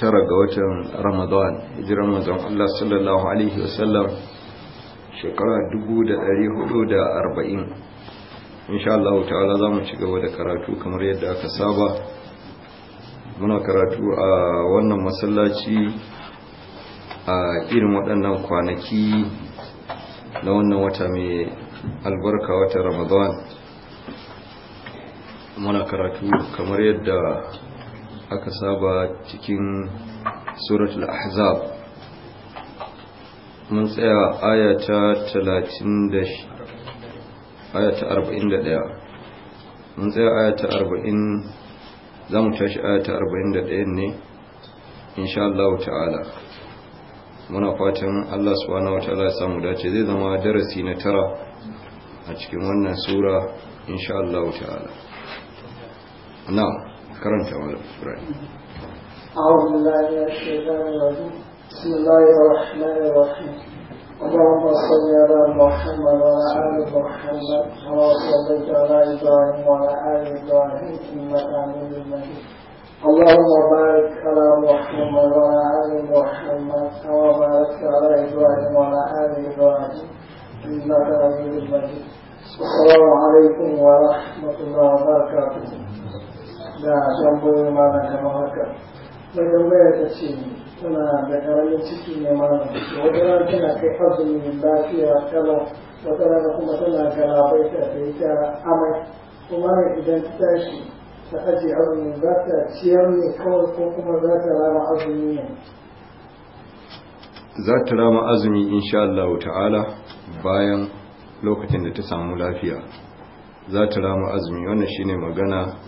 tara ga watan ramadan hijirar manzon Allah sallallahu alaihi wasallam shekara 1440 insha Allah ta'ala za mu ci gaba da karatu kamar yadda aka saba muna karatu a wannan masallaci a irin waɗannan kwanaki na wannan wata mai albarka wata ramadan muna karatu kamar yadda aka saba cikin suratul ahzab mun tsaya ayata 30 ayata 41 mun tsaya ayata 40 za mu tashi ayata 41 ne insha Allah ta'ala muna fatan Allah subhanahu wa ta'ala ya samu dace zai zama darasi na tara a cikin wannan sura insha Allah ta'ala na'am كرم wa أعوذ بالله من الشيطان الرجيم بسم الله الرحمن الرحيم اللهم صل على محمد وعلى آل محمد كما صليت على إبراهيم وعلى آل إبراهيم إنك حميد مجيد اللهم بارك على محمد وعلى آل محمد كما باركت على إبراهيم وعلى آل إبراهيم إنك حميد مجيد السلام عليكم ورحمة الله وبركاته da tambayoyin malam kamar haka mai tambaya ta ce tana da ƙaramin ciki ne malam wata rana tana kai azumin lafiya kala wata rana kuma tana galabai ta ta yi ta amai kuma ne idan ta tashi ta ajiye azumin za ta ciyar ne kawai ko kuma za ta rama azumi ne za ta rama azumi insha Allah ta'ala bayan lokacin da ta samu lafiya za ta rama azumi wannan shine magana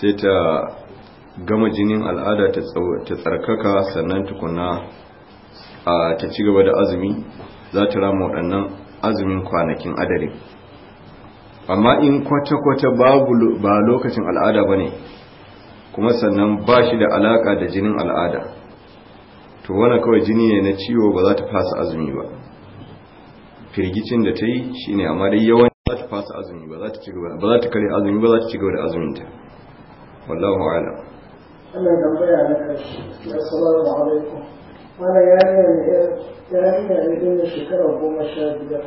sai ta gama jinin al'ada ta tsarkaka sannan tukuna a ta ci gaba da azumi za ta rama waɗannan azumin kwanakin adare amma in kwata-kwata ba lokacin al'ada ba ne kuma sannan ba shi da alaƙa da jinin al'ada to wani kawai jini ne na ciwo ba za ta fasa azumi ba firgicin da ta yi shi ne amma dai yawan za ta fasa azumi ba za ta kare azumi ba za ta ci gaba da azuminta wallahu a'lam Allah ya tambaya na kashi assalamu alaikum goma sha biyar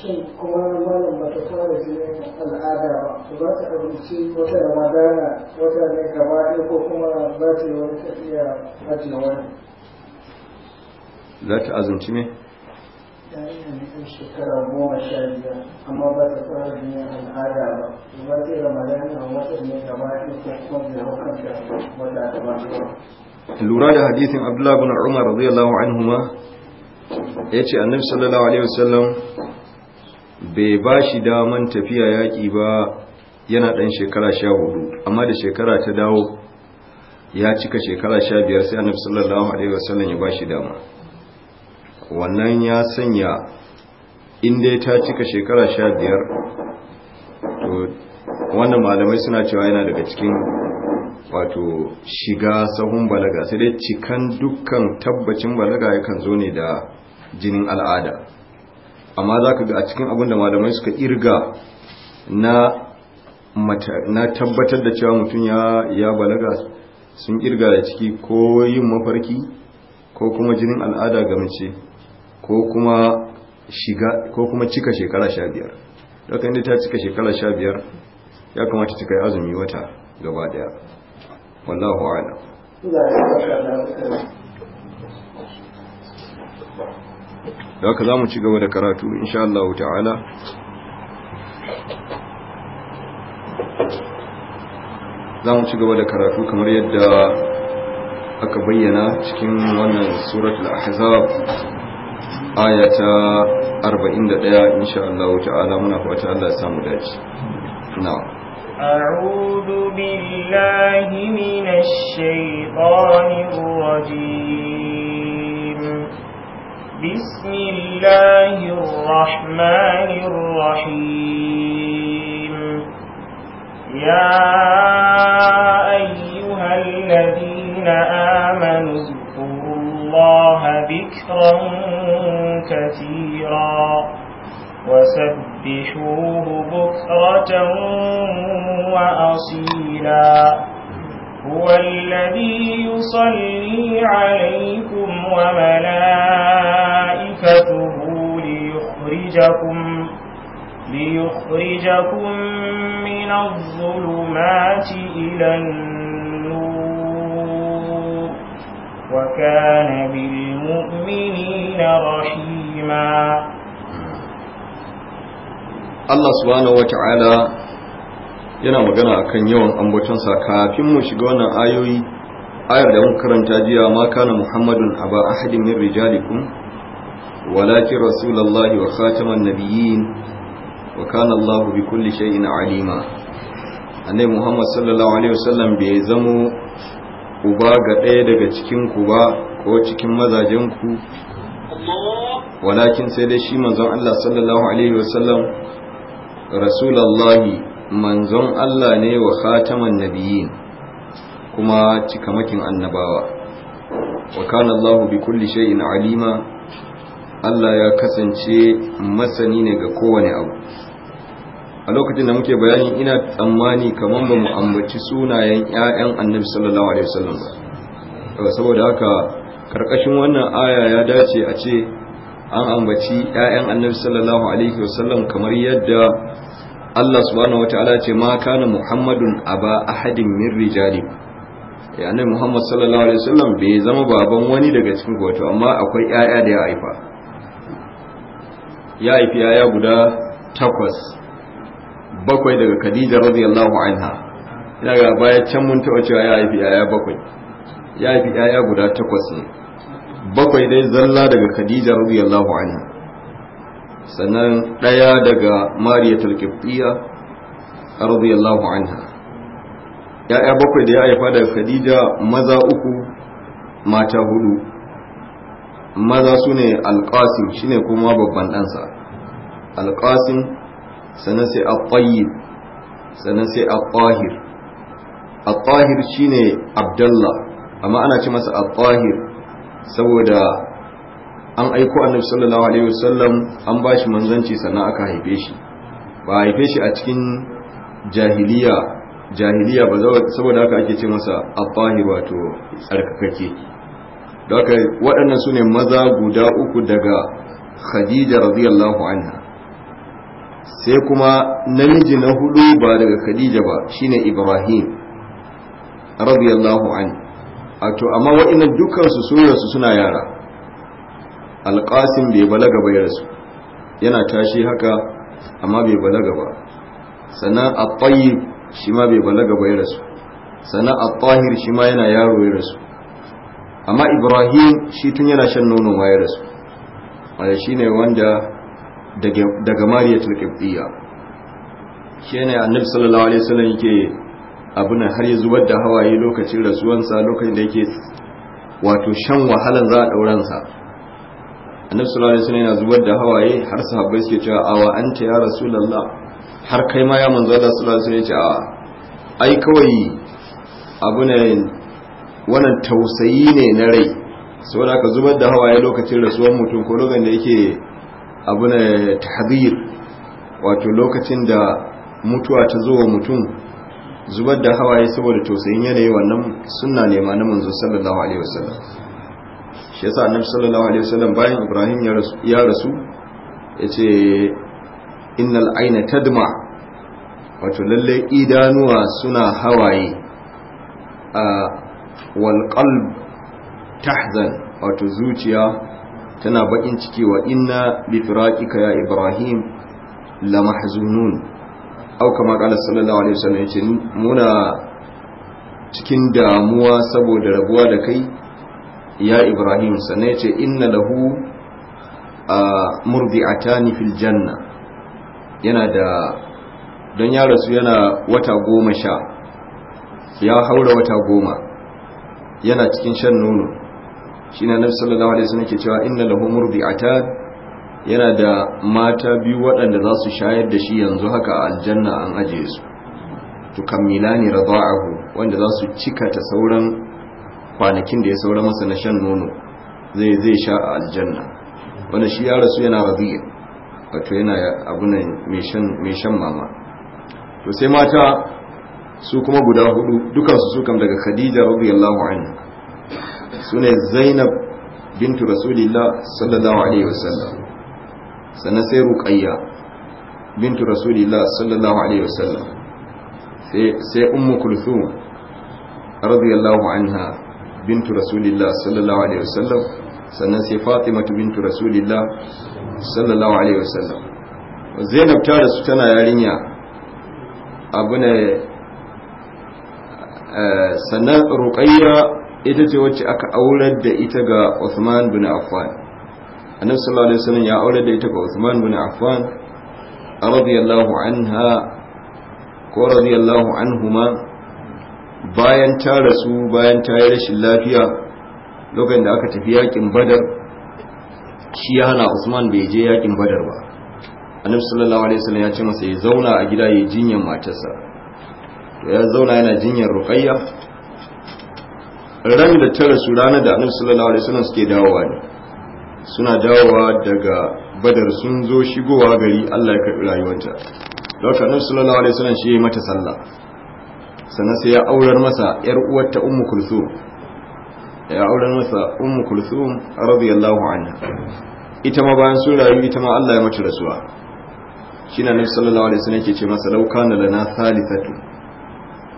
shin kuma malam ba fara jinin al'ada ba to za abinci wata ramadana wata ne ko kuma za ta yi azumci shekara goma sha biyar amma ba ta fara jinin al'ada ba ba sai ramadan a watan ne gaba ɗaya ko kuma bai hau kanta wata ta ba lura da hadisin abdullahi bin umar radiyallahu anhuma ya ce annabi sallallahu alaihi wasallam bai ba shi daman tafiya yaƙi ba yana ɗan shekara sha hudu amma da shekara ta dawo ya cika shekara sha biyar sai annabi sallallahu alaihi wasallam ya ba shi dama wannan ya sanya inda ta cika shekara sha biyar to wannan malamai suna cewa yana daga cikin wato shiga sahun balaga sai dai cikan dukkan tabbacin balaga yakan zo ne da jinin al'ada amma za ka ga a cikin abin da malamai suka irga na mata na tabbatar da cewa mutum ya balaga sun irga da ciki ko yin mafarki ko kuma jinin al'ada ga mace ko kuma shiga ko kuma cika shekara sha biyar daga inda ta cika shekara sha biyar ya kamata ta kai azumi wata gaba daya wallahu ala da haka za mu ci gaba da karatu insha Allah ta'ala za mu ci gaba da karatu kamar yadda aka bayyana cikin wannan suratul ahzab aya ta 41 insha Allah ta'ala muna fata Allah ya samu dace na'am أعوذ بالله من الشيطان الرجيم بسم الله الرحمن الرحيم يا أيها الذين آمنوا اذكروا الله ذكرا كثيرا وسبحوه بكرة وأصيلا هو الذي يصلي عليكم وملائكته ليخرجكم ليخرجكم من الظلمات إلى النور وكان بالمؤمنين رحيما عليما Allah subhanahu wata'ala yana magana akan yawan ambatonsa kafin mu shiga wannan ayoyi ayar da muka karanta jiya ma kana muhammadun aba ahadin min rijalikum walakin rasulullahi wa khataman nabiyyin wa kana Allah bi kulli shay'in alima annabi muhammad sallallahu alaihi wasallam bai zamo uba ga daya daga cikin ku ba ko cikin mazajen ku walakin sai dai shi manzon Allah sallallahu alaihi wasallam rasulullahi manzon Allah ne wa khataman nabiyyin kuma cikamakin annabawa wa kana Allah bi kulli shay'in alima Allah ya kasance masani ne ga kowane abu a lokacin da muke bayani ina tsammani kamar ba mu ambaci sunayen 'ya'yan annabi sallallahu alaihi wasallam ba saboda haka karkashin wannan aya ya dace a ce an ambaci ‘ya'yan annabi sallallahu alaihi wasallam kamar yadda Allah subhanahu wa ta'ala ce ma kana muhammadun aba ahadin min rijali ya annabi muhammad sallallahu alaihi wasallam bai zama baban wani daga cikin wato amma akwai ‘ya'ya da ya haifa ya haifi ‘ya'ya guda takwas bakwai daga khadija radiyallahu anha ina ga baya can mun taɓa cewa ya haifi ‘ya'ya bakwai ya haifi ‘ya'ya guda takwas ne bakwai dai zalla daga khadija radiyallahu anha sannan ɗaya daga mariyatul qibtiyya radiyallahu anha ya'ya bakwai da ya haifa daga khadija maza uku mata hudu maza su ne alƙasim shi ne kuma babban ɗansa alƙasim sannan sai al-tayyib sannan sai al-tahir al-tahir shi ne abdallah amma ana ce masa al-tahir saboda an aiko annabi sallallahu alaihi wasallam an ba shi manzanci sannan aka haife shi ba a haife shi a cikin jahiliya jahiliya ba saboda haka ake ce masa abbahi wato tsarkakake da haka waɗannan su ne maza guda uku daga khadija radiyallahu anha sai kuma namiji na hudu ba daga khadija ba shine ibrahim radiyallahu anha a to amma waɗannan dukansu su suna yara Alƙasin bai balaga ba yarsu yana tashi haka amma bai balaga ba sannan a tayyib shi ma bai balaga ba yarsu sannan a tahir shi ma yana yaro ya rasu amma ibrahim shi tun yana shan nono ma ya rasu shi ne wanda daga mariyatul ƙibdiyya shi ne annabi sallallahu alaihi wasallam yake abunan har ya zubar da hawaye lokacin rasuwansa lokacin da yake wato shan wahalan za a ɗauransa annabi sallallahu alaihi wasallam yana zubar da hawaye har sahabbai suke cewa awa anta ya rasulullah har kai ma ya manzo Allah sallallahu alaihi wasallam ya ce ai kawai abunan wannan tausayi ne na rai saboda ka zubar da hawaye lokacin rasuwar mutum ko lokacin da yake abu na wato lokacin da mutuwa ta zo wa mutum zubar da hawaye saboda tausayin yanayi wannan sunna ne na manzo sallallahu alaihi wasallam shi yasa annabi sallallahu alaihi wasallam bayan ibrahim ya rasu yace innal aina tadma wato lalle idanuwa suna hawaye a wal qalb tahzan wato zuciya tana bakin ciki wa inna bi firaqika ya ibrahim la mahzunun au kama kala sallallahu alaihi wasallam yace muna cikin damuwa saboda rabuwa da kai ya ibrahim sannan yace inna lahu murdi'atani fil janna yana da don ya rasu yana wata goma sha ya haura wata goma yana cikin shan nono shi na nan sallallahu alaihi wasallam ke cewa inna lahu murdi'atan yana da mata biyu waɗanda za su shayar da shi yanzu haka a aljanna an ajiye su tukammila ne rada'ahu wanda za su cika ta sauran kwanakin da ya saura masa na shan nono zai zai sha a aljanna wanda shi ya rasu yana rabi'a wato yana abunan mai shan mama to sai mata su kuma guda hudu dukansu su kam daga khadija radiyallahu anha ne zainab bintu rasulillah sallallahu alaihi wasallam sannan sai ruƙayya bintu rasulillah sallallahu alaihi wasallam sai sai ummu kulthum radiyallahu anha bintu rasulillah sallallahu alaihi wasallam sannan sai fatima bintu rasulillah sallallahu alaihi wasallam zainab ta su tana yarinya abu ne eh, sannan ruqayya ita ce wacce aka aurar da ita ga Uthman bin Affan annabi sallallahu alaihi wasallam ya aure da ita ga Usman bin Affan radiyallahu anha ko radiyallahu anhuma bayan ta rasu bayan ta yi rashin lafiya lokacin da aka tafi yakin Badar shi ya hana Usman bai je yakin Badar ba annabi sallallahu alaihi wasallam ya ce masa ya zauna a gida ya jinyar matarsa to ya zauna yana jinyar Ruqayyah ran da ta rasu ranar da annabi sallallahu alaihi wasallam suke dawowa ne suna dawowa daga badar sun zo shigowa gari Allah ya karɓi rayuwarta daga nan sallallahu alaihi wasallam shi ya mata sallah sannan sai ya aurar masa yar uwarta ummu kulthum ya aurar masa ummu kulthum radiyallahu anha ita ma bayan sun rayu ita ma Allah ya mata rasuwa shine annabi sallallahu alaihi wasallam yake ce masa law kana lana thalithatu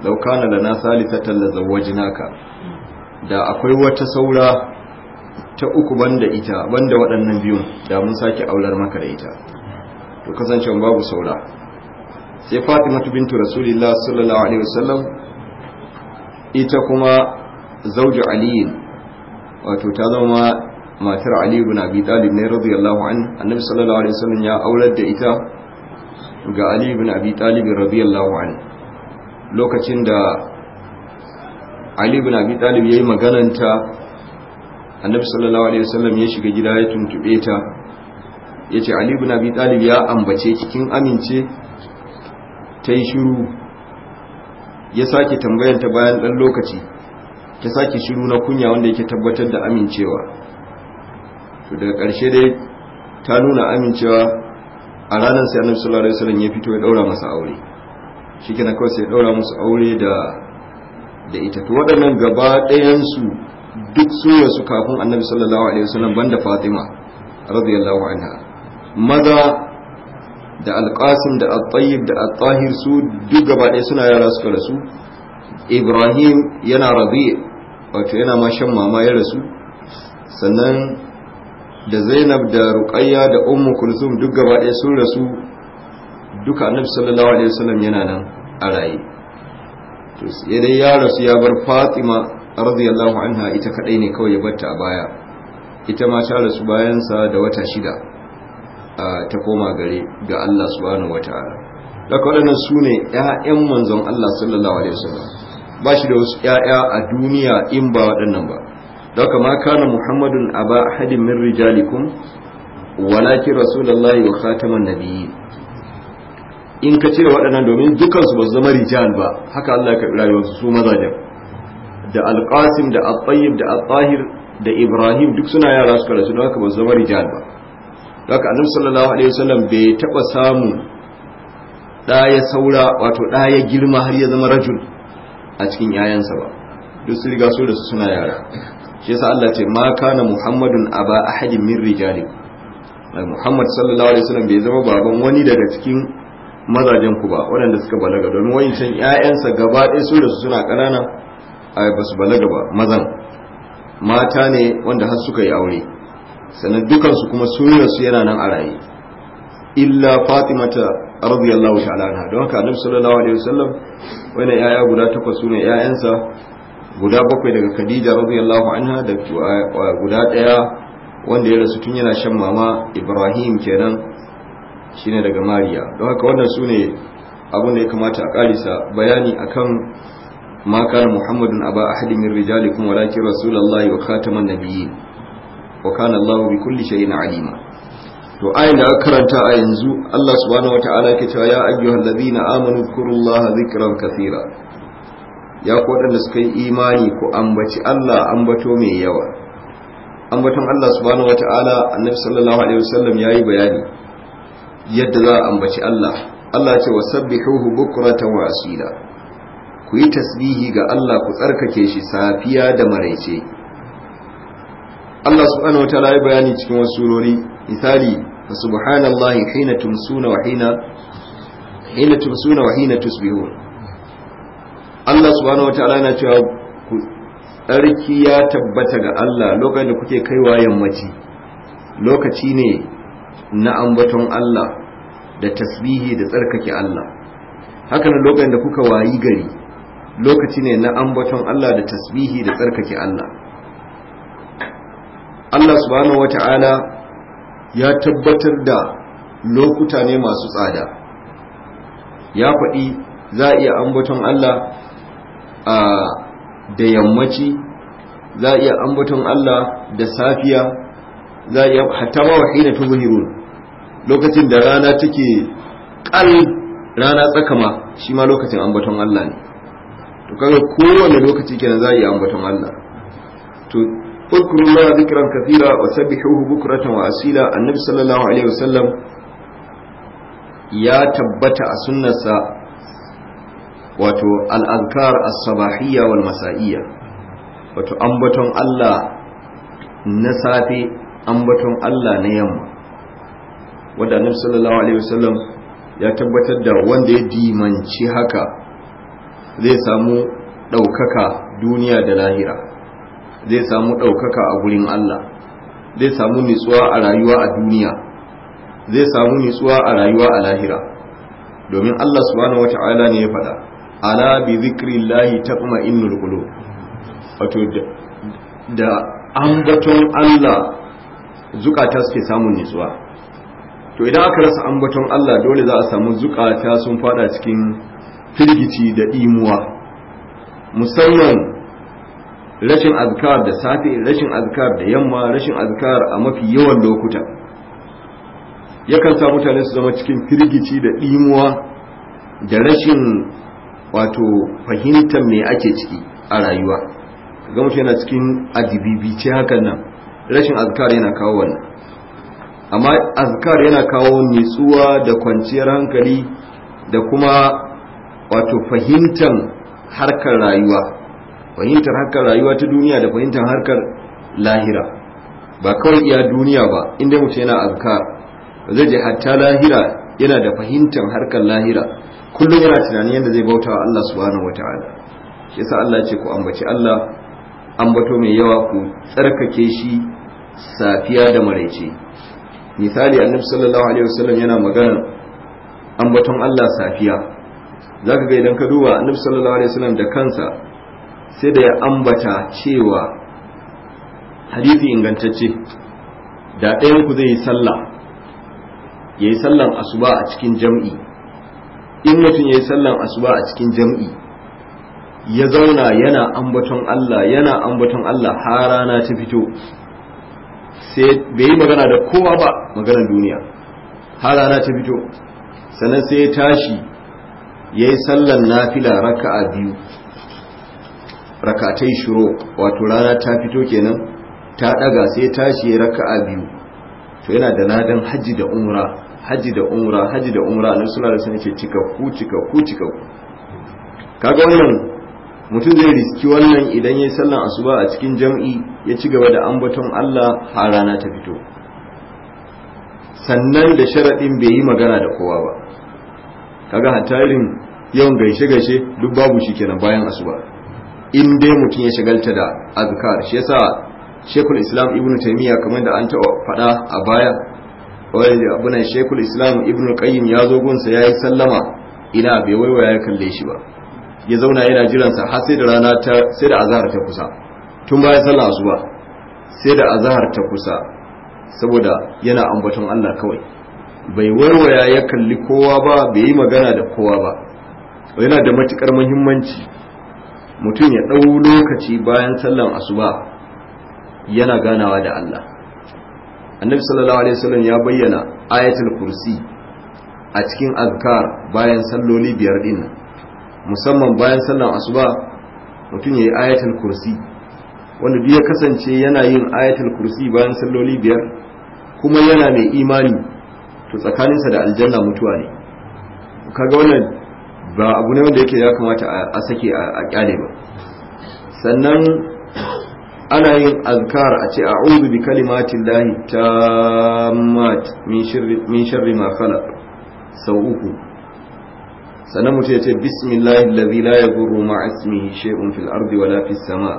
law kana lana thalithatan la zawwajnaka da akwai wata saura ta uku banda ita banda waɗannan biyun da mun sake aular maka da ita to kasancen babu saura sai fatimatu bintu rasulillah sallallahu alaihi wasallam ita kuma zauju ali wato ta zama matar ali ibn abi talib ne radiyallahu anhu annabi sallallahu alaihi wasallam ya aular da ita ga ali ibn abi talib radiyallahu anhu lokacin da ali ibn abi talib yayi magananta annabi sallallahu alaihi wasallam ya shiga gida ya tuntube ta yace ali ibn abi talib ya ambace cikin amince ta yi shiru ya tambayar ta bayan dan lokaci ta saki shiru na kunya wanda yake tabbatar da amincewa to daga ƙarshe dai ta nuna amincewa a ranar sai annabi sallallahu alaihi wasallam ya fito ya daura masa aure shikenan kawai sai ya daura musu aure da da ita to waɗannan gaba ɗayan su duk sun su kafin annabi sallallahu alaihi wasallam banda fatima radiyallahu anha maza da alqasim da at-tayyib da at-tahir su duk gaba ɗaya suna yara suka rasu ibrahim yana rabi wato yana ma shan mama ya rasu sannan da zainab da ruqayya da ummu kulthum duk gaba ɗaya sun rasu duka annabi sallallahu alaihi wasallam yana nan a raye to sai dai ya rasu ya bar fatima radiyallahu anha ita kadai ne kawai ya batta a baya ita ma ta rasu bayansa da wata shida ta koma gare ga Allah subhanahu wataala daga waɗannan sune ne ‘ya'yan manzon Allah sallallahu alaihi wasallam ba shi da wasu ‘ya'ya a duniya in ba waɗannan ba daga ma kana muhammadun Aba ba hadin min rijalikum walakin rasulullahi wa khataman nabiyyi in ka cire waɗannan domin dukansu ba su zama rijal ba haka Allah ya karɓi rayuwarsu su mazajen da alqasim da at-tayyib da at-tahir da ibrahim duk suna yara suka rasu don haka ba zama rijal ba haka annabi sallallahu alaihi wasallam bai taba samu da ya saura wato da ya girma har ya zama rajul a cikin yayansa ba duk su riga su da su suna yara shi yasa Allah ce ma kana muhammadun aba ahadin min rijalikum muhammad sallallahu alaihi wasallam bai zama baban wani daga cikin mazajen ku ba waɗanda suka balaga don wayancan 'ya'yansa gaba ɗaya su da su suna ƙanana ba su balaga ba mazan mata ne wanda har suka yi aure sannan dukansu kuma su yana nan a raye illa fatimata radiyallahu ta'ala anha don haka annabi sallallahu alaihi wasallam wani yaya guda takwas sune yayansa guda bakwai daga khadija radiyallahu anha da guda daya wanda ya rasu tun yana shan mama ibrahim kenan shine daga mariya don haka wannan sune abin da ya kamata a karisa bayani akan ما كان محمد أبا أحد من رجالكم ولكن رسول الله وخاتم النبيين وكان الله بكل شيء عليما to ayin da aka karanta a yanzu Allah subhanahu wataala yake cewa ya ayyuhal ladina amanu zkurullaha zikran kathira ya ku wadanda suka yi imani ku ambaci Allah ambato mai yawa ambaton Allah subhanahu wataala annabi sallallahu alaihi wasallam yayi bayani yadda za a ambaci Allah Allah ce wasabbihuhu bukratan wa asila ku yi tasbihi ga Allah ku tsarkake shi safiya da maraice Allah subhanahu wataala ya bayani cikin wasu surori misali subhanallahi hina tumsuna wa hina hina tumsuna wa hina tusbihun Allah subhanahu wataala yana cewa ku tsarki ya tabbata ga Allah lokacin da kuke kaiwa yammaci lokaci ne na ambaton Allah da tasbihi da tsarkake Allah haka nan lokacin da kuka wayi gari lokaci ne na ambaton Allah da tasbihi da tsarkake Allah Allah subhanahu wata'ala ya tabbatar da lokuta ne masu tsada ya faɗi za a iya ambaton Allah a da yammaci za a iya ambaton Allah da safiya za a iya hatta ma wahina tuzhirun lokacin da rana take kal rana tsakama shi ma lokacin ambaton Allah ne to kaga kowane lokaci kenan za a yi ambaton Allah to zikran الله wa كثيرا bukratan wa asila annabi sallallahu alaihi wasallam ya tabbata a sunnarsa wato as-sabahiyya wal Masa'iya. wato ambaton Allah na safe ambaton Allah na yamma wadda annabi sallallahu alaihi wasallam ya tabbatar da wanda ya dimanci haka zai samu ɗaukaka duniya da lahira zai samu ɗaukaka a gurin Allah zai samu nitsuwa a rayuwa a duniya zai samu nitsuwa a rayuwa a lahira domin Allah subhanahu wata'ala ne ya faɗa ala bi zikrillahi taqma'innul qulub wato da ambaton Allah zukata suke samun nitsuwa to idan aka rasa ambaton Allah dole za a samu zukata sun fada cikin firgici da imuwa musamman rashin azkar da safe rashin azkar da yamma rashin azkar a mafi yawan lokuta yakan sa mutane su zama cikin firgici da imuwa da rashin wato fahimtar me ake ciki a rayuwa ga mutum yana cikin adibibice hakan nan rashin azkar yana kawo wannan amma azkar yana kawo nutsuwa da kwanciyar hankali da kuma wato fahimtar harkar rayuwa fahimtar harkar rayuwa ta duniya da fahimtar harkar lahira ba kawai iya duniya ba inda mutum yana azkar zai je hatta lahira yana da fahimtar harkar lahira kullum yana tunanin yadda zai bauta wa Allah subhanahu wataala shi yasa Allah ce ku ambaci Allah ambato mai yawa ku tsarkake shi safiya da maraice misali annabi sallallahu alaihi wasallam yana magana ambaton Allah safiya zaka ga idan ka duba annabi sallallahu alaihi wasallam da kansa sai da ya ambata cewa hadisi ingantacce da ɗayan ku zai yi sallah yayi sallan asuba a cikin jam'i in mutum yayi sallan asuba a cikin jam'i ya zauna yana ambaton Allah yana ambaton Allah har rana ta fito sai bai yi magana da kowa ba maganar duniya har rana ta fito sannan sai ya tashi ya yi sallan nafila a biyu rakatai shiro wato rana ta fito kenan ta daga sai ta shi tashi a biyu to yana da ladan hajji da umra hajji da umra hajji da umra na suna da wasallam ce cika ku cika ku cika ku kaga wannan mutum zai riski wannan idan ya yi sallan asuba a cikin jam'i ya ci gaba da ambaton Allah har rana ta fito sannan da sharaɗin bai yi magana da kowa ba kaga hatarin yawan gaishe gaishe duk babu shi kenan bayan asuba in dai mutum ya shagalta da azkar shi yasa shekul islam ibn taimiyya kamar da an taɓa faɗa a baya abunan shekul islam ibn qayyim ya zo gunsa ya yi sallama ina bai waiwaya ya kalle shi ba ya zauna yana jiran sa har sai da rana ta sai da azahar ta kusa tun bayan sallar asuba sai da azahar ta kusa saboda yana ambaton Allah kawai bai warwaya ya kalli kowa ba bai yi magana da kowa ba yana da matukar muhimmanci mutum ya ɗau lokaci bayan sallan asuba yana ganawa da Allah annabi sallallahu alaihi wasallam ya bayyana ayatul kursi a cikin azkar bayan salloli biyar din musamman bayan sallan asuba mutum ya yi ayatul kursi wanda duk ya kasance yana yin ayatul kursi bayan salloli biyar kuma yana mai imani to tsakaninsa da aljanna mutuwa ne kaga wannan ba abu ne wanda yake ya kamata a sake a kyale ba sannan ana yin azkar a ce a'udhu bi kalimati llahi tammat min shirri min sharri ma khalaq sau uku sannan mutum ya ce bismillahi allazi la yadurru ma ismihi shay'un fil ardi wala fis sama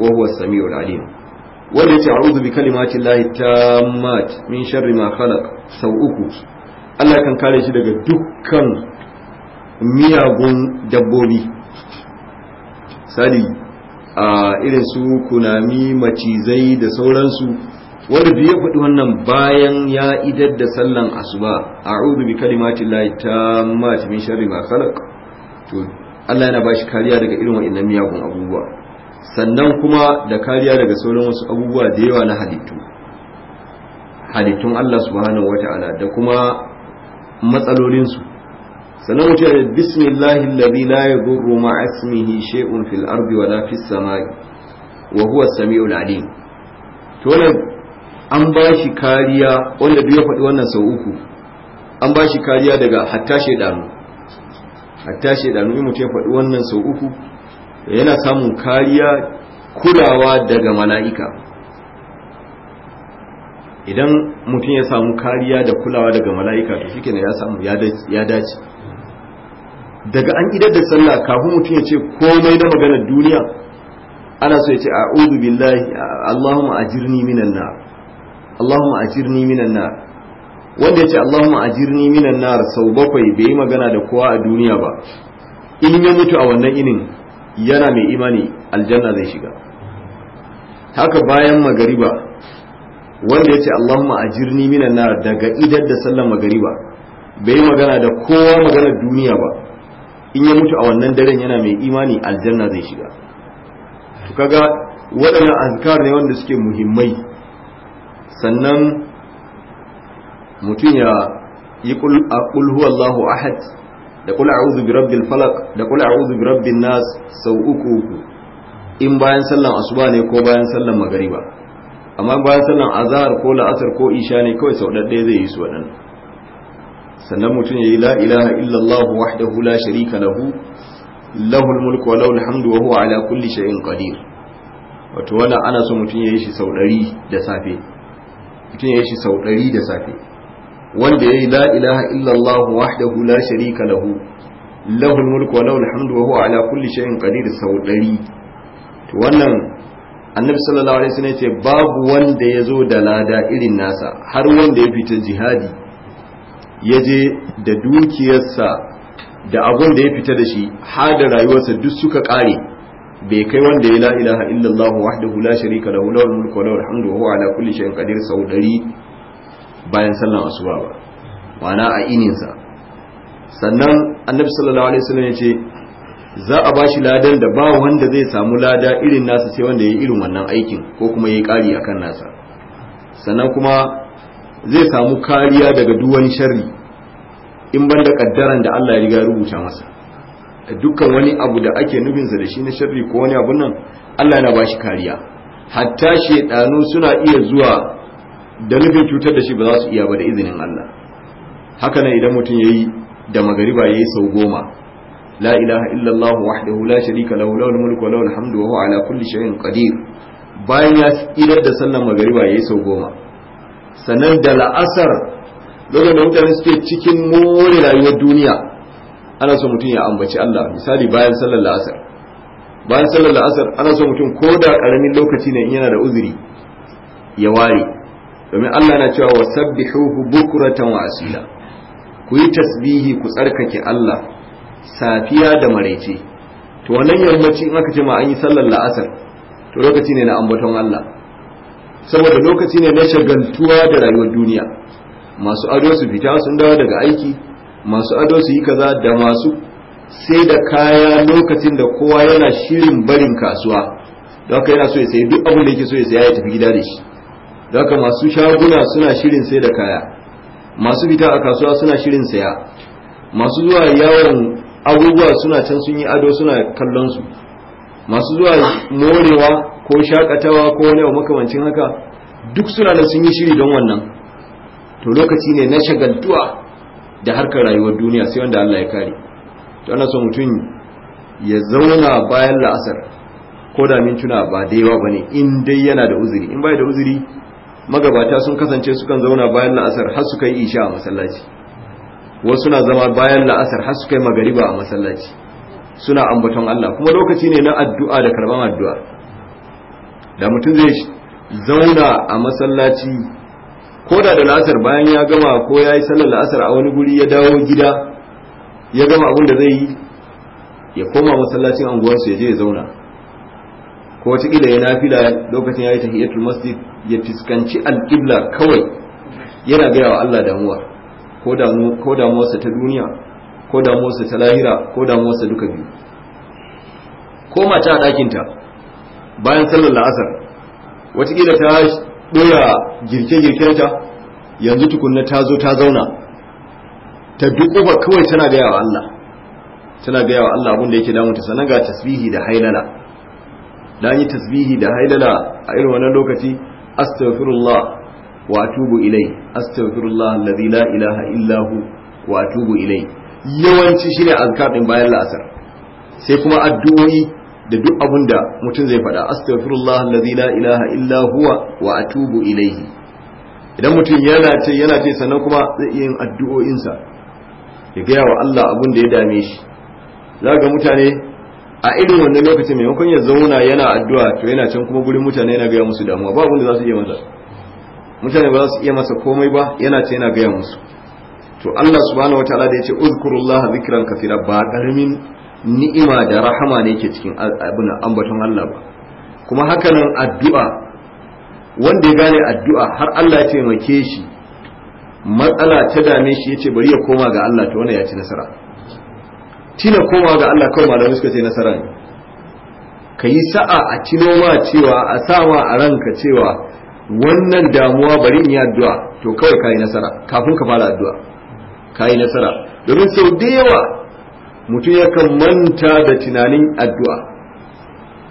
wa huwa as-sami'ul alim wanda yace a'udhu bi kalimati llahi tammat min sharri ma khalaq sau uku Allah kan kare shi daga dukkan miyagun dabbobi sali a irin su kunami macizai da sauransu wanda bi ya faɗi wannan bayan ya idar da sallan asuba a'udhu bi kalimati llahi tammat min sharri ma khalaq to Allah yana bashi kariya daga irin wa'annan miyagun abubuwa sannan kuma da kariya daga sauran wasu abubuwa da yawa na halittu halittun Allah subhanahu wata'ala da kuma matsalolinsu sannan wuce da bismillahi alladhi la yadurru ma'a ismihi shay'un fil ardi wala fis samai wa huwa as-sami'ul alim to wani an ba shi kariya wanda duk faɗi wannan sau uku an ba shi kariya daga hatta shaidanu hatta shaidanu in mutum ya faɗi wannan sau uku yana samun kariya kulawa daga mala'ika idan mutum ya samu kariya da kulawa daga mala'ika to shike ya samu ya dace daga an idar da sallah kafin mutum ya ce komai da maganar duniya ana so ya ce a'udhu billahi allahumma ajirni minan nar allahumma ajirni minan nar wanda ya ce allahumma ajirni minan nar sau bakwai bai yi magana da kowa a duniya ba in ya mutu a wannan inin yana mai imani aljanna zai shiga haka bayan magariba wanda ya ce Allahumma ajirni minan nar daga idar da sallar magariba bai magana da kowa magana duniya ba in ya mutu a wannan daren yana mai imani aljanna zai shiga to kaga waɗannan azkar ne wanda suke muhimmai sannan mutum ya yi kul huwallahu ahad da kula a'udhu bi rabbil falaq da kula a'udhu bi rabbin nas sau uku uku in bayan sallan asuba ne ko bayan sallan magariba amma bayan sallan azahar ko la'asar ko isha ne kawai sau ɗaɗɗe zai yi su waɗannan sannan mutum ya yi la ilaha illallah wahdahu la sharika lahu lahul mulku wa lahul hamdu wa huwa ala kulli shay'in qadir wato wannan ana so mutum ya yi shi sau ɗari da safe mutum ya yi shi sau ɗari da safe wanda ya yi la ilaha illallah wahdahu la sharika lahu lahul mulku wa lahul alhamdu wa huwa ala kulli shay'in qadir sau 100 to wannan annabi sallallahu alaihi wasallam yace babu wanda ya zo da lada irin nasa har wanda ya fita jihadi ya je da dukiyarsa da abun da ya fita da shi har da rayuwarsa duk suka kare bai kai wanda ya la ilaha illallah wahdahu la sharika lahu lahul mulku wa lahul alhamdu wa huwa ala kulli shay'in qadir sau 100 bayan sallan asuba ba Mana a ininsa sannan annabi sallallahu alaihi wasallam ya ce za a bashi ladan da ba wanda zai samu lada irin nasa sai wanda ya irin wannan aikin ko kuma yayi yi akan nasa sannan kuma zai samu kariya daga duwani sharri in banda kaddaran da Allah ya riga rubuta masa dukkan wani abu da ake sa da shi na sharri ko wani abun nan Allah yana bashi kariya hatta shedanu suna iya zuwa da nufin cutar da shi ba za su iya ba da izinin Allah haka nan idan mutum yayi da magariba yayi sau goma la ilaha illallah wahdahu la sharika lahu lahul mulku wa lahul hamdu wa huwa ala kulli shay'in qadir bayan ya tsirar da sallar magariba yayi sau goma sannan da la'asar lokacin da mutane suke cikin more rayuwar duniya ana so mutum ya ambaci Allah misali bayan sallar la'asar bayan sallar la'asar ana so mutum ko da karamin lokaci ne in yana da uzuri ya ware domin Allah na cewa wasabbihuhu bukratan wa asila ku yi tasbihi ku tsarkake Allah safiya da maraice to wannan yammaci in aka ce ma an yi sallar la'asar to lokaci ne na ambaton Allah saboda lokaci ne na shagaltuwa da rayuwar duniya masu ado su fita sun dawo daga aiki masu ado su yi kaza da masu sai da kaya lokacin da kowa yana shirin barin kasuwa don haka yana so ya sayi duk abin da yake so ya saya ya tafi gida da shi da haka masu shaguna suna shirin sai da kaya masu fita a kasuwa suna shirin saya masu zuwa yawon abubuwa suna can sun yi ado suna kallon su masu zuwa morewa ko shakatawa ko wani makamancin haka duk suna da sun yi shiri don wannan to lokaci ne na shagaltuwa da harkar rayuwar duniya sai wanda Allah ya kare to ana so mutum ya zauna bayan la'asar ko da mintuna ba da yawa bane in dai yana da uzuri in bai da uzuri magabata sun kasance sukan zauna bayan la'asar har su kai isha a masallaci wasu na zama bayan la'asar har su kai magariba a masallaci suna ambaton Allah kuma lokaci ne na addu'a da karban addu'a da mutum zai zauna a masallaci ko da da la'asar bayan ya gama ko ya yi sallar la'asar a wani guri ya dawo gida ya gama abin da zai yi ya koma masallacin anguwarsu ya je ya zauna ko wataƙila ya nafila lokacin ya yi tahiyatul masjid ya fiskanci alƙibla kawai yana gaya wa Allah damuwa ko damuwarsa ta duniya ko damuwarsa ta lahira ko damuwarsa duka biyu ko mace a ɗakinta bayan sallar la'asar wataƙila ta ɗoya girke-girkenta yanzu tukunna ta zo ta zauna ta duƙuba kawai tana gaya wa Allah tana gaya wa Allah abin da yake damunta sannan ga tasbihi da hailala na yi tasbihi da haidala a irin wannan lokaci astaghfirullah wa atubu ilai astaghfirullah alladhi la ilaha illa hu wa atubu ilai yawanci shine azkar din bayan la'asar sai kuma addu'o'i da duk abin da mutum zai faɗa astaghfirullah alladhi la ilaha illa huwa wa atubu ilaihi idan mutum yana ce yana ce sannan kuma zai iya yin addu'o'insa ya gaya wa Allah abin da ya dame shi za ga mutane a irin wannan lokacin maimakon ya zauna yana addu'a to yana can kuma gurin mutane yana gaya musu damuwa ba abin za su iya masa mutane ba za su iya masa komai ba yana ce yana gaya musu to Allah subhanahu wataala da yace uzkurullaha zikran kathira ba karamin ni'ima da rahama ne yake cikin abin ambaton Allah ba kuma hakanan addu'a wanda ya gane addu'a har Allah ya taimake shi matsala ta dame shi ya ce bari ya koma ga Allah to wannan ya ci nasara tina koma ga Allah kawai malamai suka ce nasara ne ka yi sa'a a cino ma cewa a sama a ranka cewa wannan damuwa bari in yi addu'a to kawai ka yi nasara kafin ka fara addu'a ka yi nasara domin sau da yawa mutum kan manta da tunanin addu'a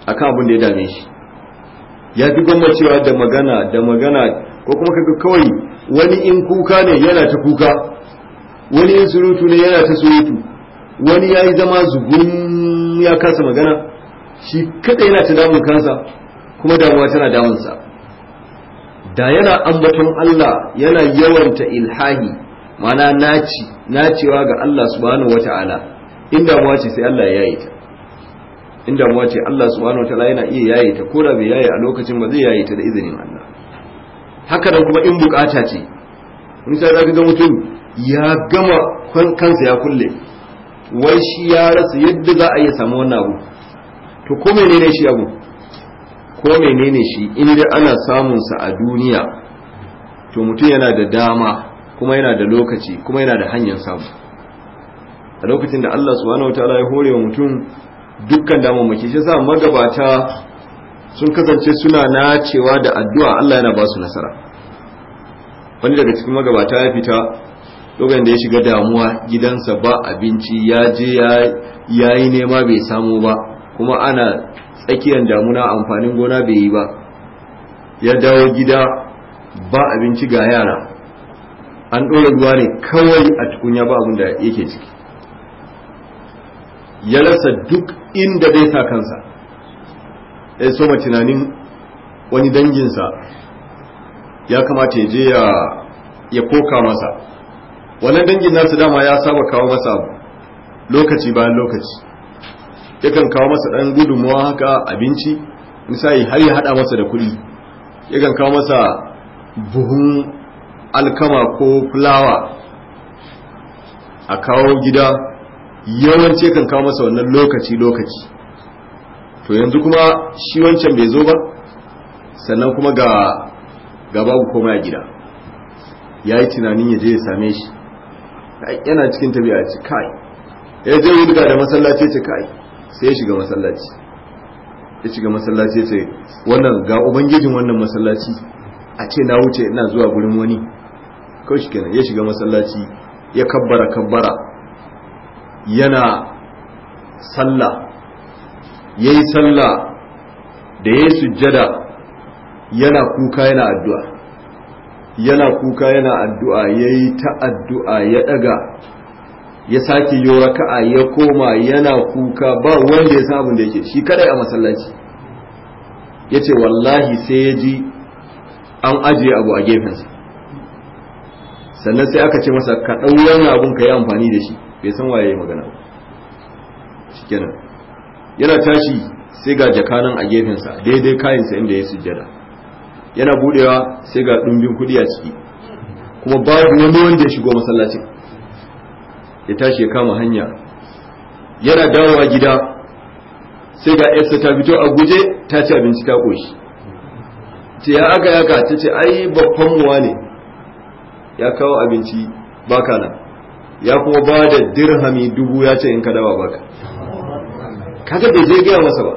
A kan abin da ya dame shi ya fi cewa da magana da magana ko kuma ka kawai wani in kuka ne yana ta kuka wani in surutu ne yana ta surutu wani ya yi zama zugun ya kasa magana shi kada yana ta damun kansa kuma damuwa tana damunsa da yana ambaton Allah yana yawanta ilhahi mana naci nacewa ga Allah subhanahu wata'ala in damuwa ce sai Allah ya yi ta in damuwa ce Allah subhanahu wata'ala yana iya yi ta ko da bai yaye a lokacin ba zai yi ta da izinin Allah haka da kuma in bukata ce in sai zaka ga mutum ya gama kansa ya kulle wai shi ya rasa yadda za a iya samu wannan abu to ko menene shi abu ko menene shi in dai ana samun sa a duniya to mutum yana da dama kuma yana da lokaci kuma yana da hanyar samu a lokacin da Allah subhanahu wataala ya hore wa mutum dukkan damammaki shi sa magabata sun kasance suna nacewa da addu'a Allah yana ba su nasara wani daga cikin magabata ya fita lokacin da ya shiga damuwa gidansa ba abinci ya je ya yi nema bai samu ba kuma ana tsakiyar damuna amfanin gona bai yi ba ya dawo gida ba abinci ga yara an ɗora ruwa ne kawai a tukunya ba abin da yake ciki ya rasa duk inda zai sa kansa ya soma tunanin wani danginsa ya kamata ya je ya koka masa wannan dangin nasu dama ya saba kawo masa lokaci bayan lokaci yakan kawo masa dan gudunmuwa haka abinci misali har ya haɗa masa da kuɗi yakan kawo masa buhun alkama ko fulawa a kawo gida yawanci yakan kawo masa wannan lokaci lokaci to yanzu kuma shi wancan bai zo ba sannan kuma ga babu komai a gida ya yi tunanin ya je ya same shi yana cikin tabi'a ce kai ya je wurga da masallaci ce kai sai ya shiga masallaci ya shiga masallaci ce wannan ga ubangijin wannan masallaci a ce na wuce ina zuwa gurin wani kawai shi kenan ya shiga masallaci ya kabbara kabbara yana sallah ya yi sallah da ya yi sujjada yana kuka yana addu'a yana kuka yana addu'a ya yi ta addu'a ya ɗaga ya sake yi raka'a ya koma yana kuka ba wanda ya san abin da yake shi kadai a masallaci ce wallahi sai ya ji an ajiye abu a gefensa sannan sai aka ce masa ka ɗau abin abun ka yi amfani da shi bai san waye yi magana kenan yana tashi sai ga jakanan a gefensa daidai kayansa inda ya sujada. yana budewa sai ga dumbin kudi a ciki kuma babu wani wanda ya shigo masallacin ya tashi ya kama hanya yana dawowa gida sai ga yarsa ta fito a guje ta ci abinci ta koshi ce ya aka yaka ta ce ai babban muwa ne ya kawo abinci baka nan ya kuma ba da dirhami dubu ya ce in ka dawa baka kaga bai je gaya masa ba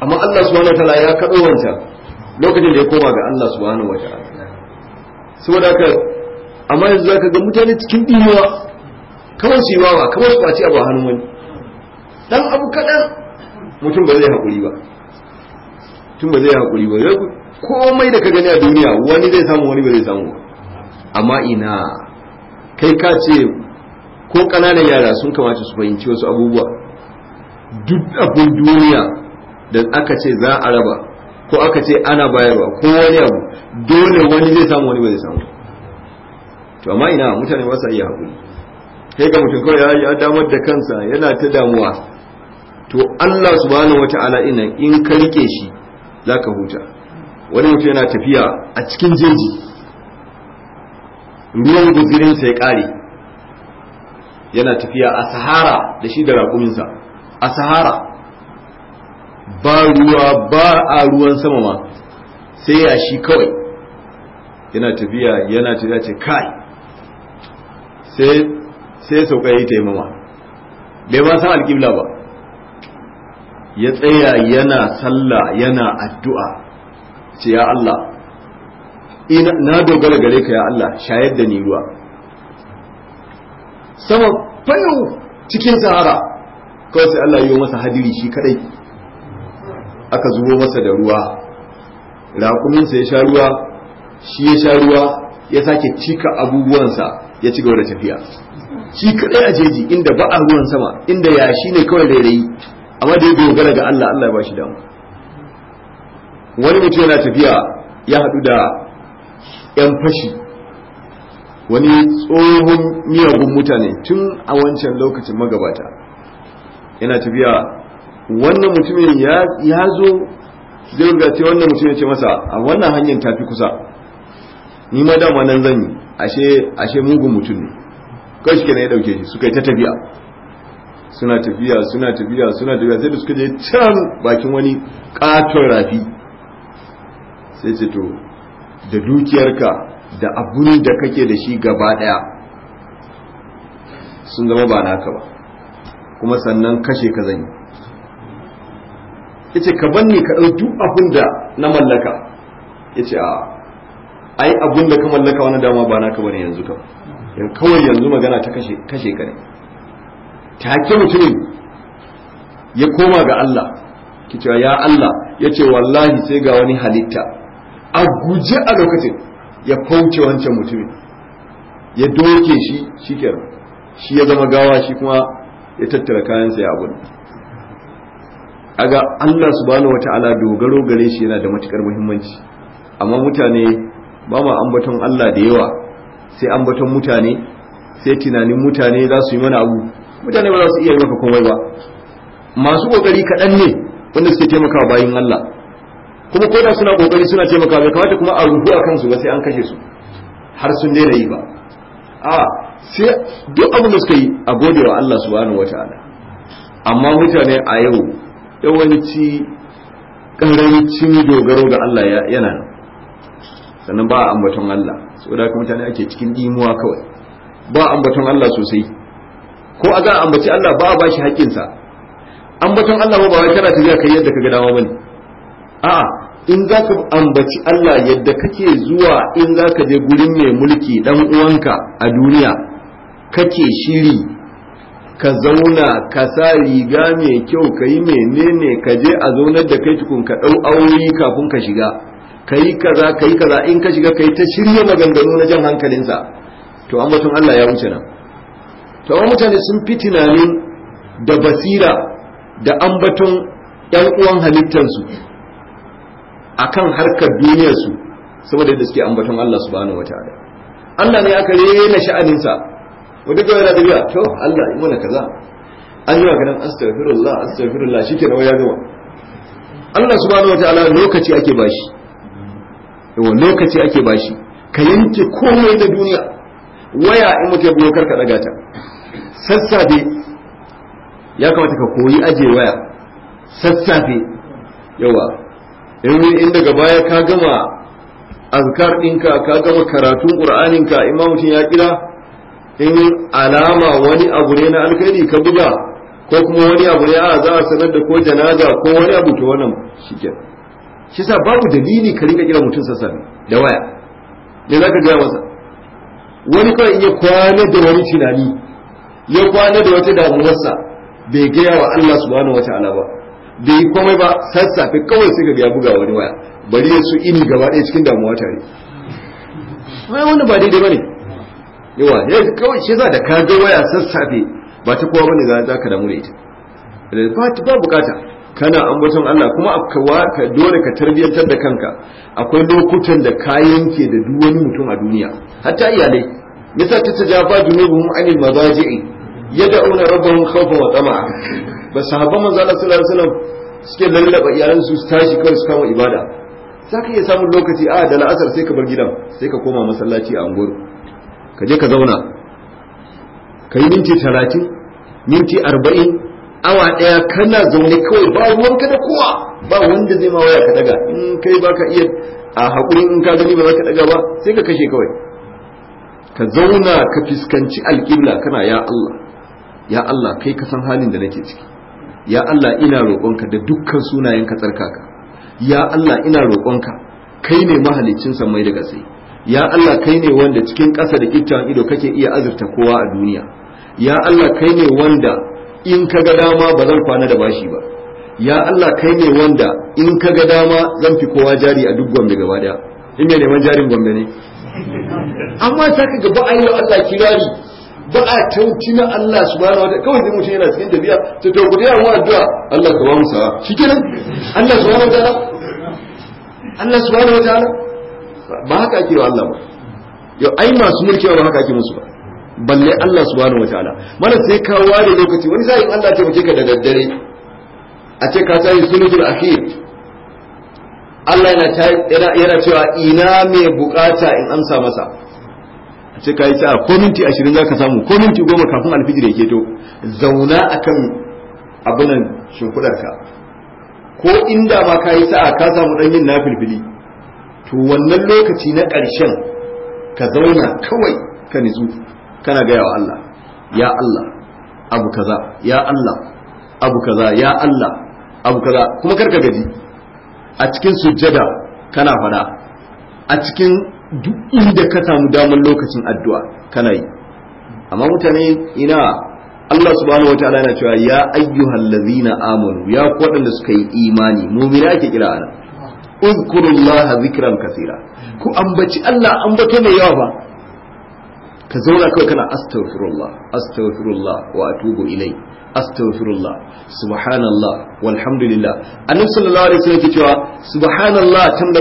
amma Allah subhanahu ta'ala ya kaɗo wancan lokacin da ya koma ga Allah subhanahu wa ta'ala saboda haka amma yanzu zaka ga mutane cikin dimuwa kawai su yi wawa kawai su kwaci abu a hannun wani dan abu kaɗan mutum ba zai haƙuri ba tun ba zai haƙuri ba komai da ka gani a duniya wani zai samu wani ba zai samu ba amma ina kai ka ce ko ƙananan yara sun kamata su fahimci wasu abubuwa duk abin duniya da aka ce za a raba ko aka ce ana bayarwa ko wani abu dole wani zai samu wani bai zai samu to amma ina mutane ba sa iya hakuri kai ga mutum kawai ya damar da kansa yana ta damuwa to Allah subhanahu wata'ala ina in ka rike shi zaka huta wani mutum yana tafiya a cikin jeji ruwan guzirin sai kare yana tafiya a sahara da shi da raƙuminsa a sahara ba ruwa ba a ruwan sama ma sai ya shi kawai yana tafiya yana tafiya ce kai sai sai sauka yi taimama bai ba san alƙibla ba ya tsaya yana sallah yana addu'a ce ya Allah na dogara gare ka ya Allah shayar da ni ruwa sama fayau cikin sahara kawai sai Allah yi masa hadiri shi kadai aka zubo masa da ruwa raƙuminsa ya sha ruwa shi ya sha ruwa ya sake cika abubuwansa ya ci gaba da tafiya shi kadai a jeji inda ba ruwan sama inda yashi ne kawai rairayi amma da ya dogara ga Allah Allah ya ba shi wani mutum yana tafiya ya haɗu da 'yan fashi wani tsohon miyagun mutane tun a wancan lokacin magabata yana tafiya wannan mutumin ya zo zai ce wannan mutumin ya ce masa a wannan hanyar tafi kusa ni ma dama nan zan yi ashe mugun mutum ne kai shi kenan ya dauke shi suka yi ta tafiya suna tafiya suna tafiya suna tafiya sai da suka je can bakin wani katon rafi sai ce to da dukiyarka da abun da kake da shi gaba daya sun zama ba naka ba kuma sannan kashe ka zan yace ka banni ka ɗau duk abin da na mallaka yace a ai abin da ka mallaka wani dama ba ka bane yanzu ka kawai yanzu magana ta kashe kashe ka ne take mutumin ya koma ga Allah ki cewa ya Allah yace wallahi sai ga wani halitta a guje a lokacin ya fauce wancan mutumin ya doke shi shikenan shi ya zama gawa shi kuma ya tattara kayansa ya abun kaga Allah subhanahu wataala dogaro gare shi yana da matukar muhimmanci amma mutane ba ma ambaton Allah da yawa sai ambaton mutane sai tunanin mutane za su yi mana abu mutane ba za su iya yi maka komai ba masu kokari kaɗan ne wanda suke taimakawa bayin Allah kuma ko da suna kokari suna taimakawa bai kamata kuma a ruhu a kansu ba sai an kashe su har sun daina yi ba a sai duk abin da suka yi a gode wa Allah subhanahu wataala amma mutane a yau yawanci karancin dogaro ga Allah yana nan sannan ba a ambaton Allah da haka mutane ake cikin dimuwa kawai ba ambaton Allah sosai ko a za a ambaci Allah ba a ba shi haƙƙinsa ambaton Allah ba wai kana tafiya kai yadda ka ga dama bane a'a in za ka ambaci Allah yadda kake zuwa in za ka je gurin mai mulki dan uwanka a duniya kake shiri ka zauna ka sa riga mai kyau ka yi menene ka je a zaunar da kai tukun ka ɗau auri kafin ka shiga ka yi kaza ka yi kaza in ka shiga ka yi ta shirya maganganu na jan hankalinsa to an batun Allah ya wuce nan to an mutane sun fi tunanin da basira da an batun yan uwan a kan harkar duniyarsu saboda da suke ambaton Allah subhanahu wataala Allah ne aka rena sha'aninsa wanda kawai na tafiya to Allah yi mana kaza an yi maganin astaghfirullah astaghfirullah shi kenan ya gama Allah wata ala lokaci ake bashi yawon lokaci ake bashi ka yanke komai da duniya waya in mutu ya bugo karka daga ta sassafe ya kamata ka koyi aje waya sassafe yawa in daga baya ka gama azkar ɗinka ka gama karatun ƙur'aninka imamutin ya kira in alama wani abu ne na alkhairi ka buga ko kuma wani abu ne a za a sanar da ko janaza ko wani abu to wannan shike shi sa babu dalili ka rika kira mutum sassa da waya ne za ka gaya masa wani kawai iya kwana da wani tunani ya kwana da wata damuwarsa bai gaya wa Allah subhanahu wataala ba bai yi komai ba sassafe kawai sai ka ya buga wani waya bari ya su ini gaba ɗaya cikin damuwa tare wai wani ba daidai ne. yawa ne kawai shi za da ka ga waya sassafe ba ta kowa wani za ka damu da ita ba bukata kana ambaton Allah kuma ka dole ka tarbiyyantar da kanka akwai lokutan da ka yanke da duk wani mutum a duniya hatta iyalai yasa ta tajafa junubuhum anil mazaji'i yad'una rabbahum khawfan wa tama'a ba sahabban manzo Allah sallallahu alaihi wasallam suke lallaba iyalan su tashi kawai su kama ibada zaka iya samun lokaci a da la'asar sai ka bar gidan sai ka koma masallaci a unguwar ka je ka zauna ka yi minti talatin minti arba'in awa ɗaya kana zaune kawai ba ruwanka da kowa ba wanda zai ma waya ka daga in kai ba ka iya a haƙuri in ka gani ba za ka daga ba sai ka kashe kawai ka zauna ka fuskanci alƙibla kana ya Allah ya Allah kai ka san halin da nake ciki ya Allah ina roƙonka da dukkan sunayen ka tsarkaka ya Allah ina roƙonka kai ne mahalicin mai da gasai ya Allah kai ne wanda cikin ƙasa da kittawan ido kake iya azurta kowa a duniya ya Allah kai ne wanda in ka ga dama ba zan kwana da bashi ba ya Allah kai ne wanda in ka ga dama zan fi kowa jari a duk gombe gaba daya in mai neman jarin gombe ne amma ta ka gaba a yi wa Allah kirari ba a tauci na Allah subhanahu wataala kawai zai mutum yana cikin tafiya to to da wa addu'a Allah ka ba mu sa'a shikenan Allah subhanahu wataala Allah subhanahu wataala ba haka ake wa Allah ba yau ai masu mulki ba haka ake musu ba balle Allah subhanahu wataala mana sai ka ware lokaci wani sai Allah ta muke ka da daddare a ce ka sai sunutul akhir Allah yana yana cewa ina mai bukata in amsa masa a ce ka yi sa'a ko minti 20 zaka samu ko minti 10 kafin alfijir yake to zauna akan abunan shimfidar ka ko inda ma ka yi sa'a ka samu dan yin nafilfili to wannan lokaci na ƙarshen ka zauna kawai ka nitsu kana gaya wa Allah ya Allah abu kaza ya Allah abu kaza ya Allah abu kaza kuma karka gaji a cikin sujjada kana fada a cikin duk inda ka samu damar lokacin addu'a kana yi amma mutane ina Allah subhanahu wataala yana cewa ya ayyuhal na amanu ya ku waɗanda suka yi imani mu'mina ke kira ana uzkurullaha kasira ku ambaci mai yawa ba ka zauna kawai kana astaghfirullah cewa subhanallah tamda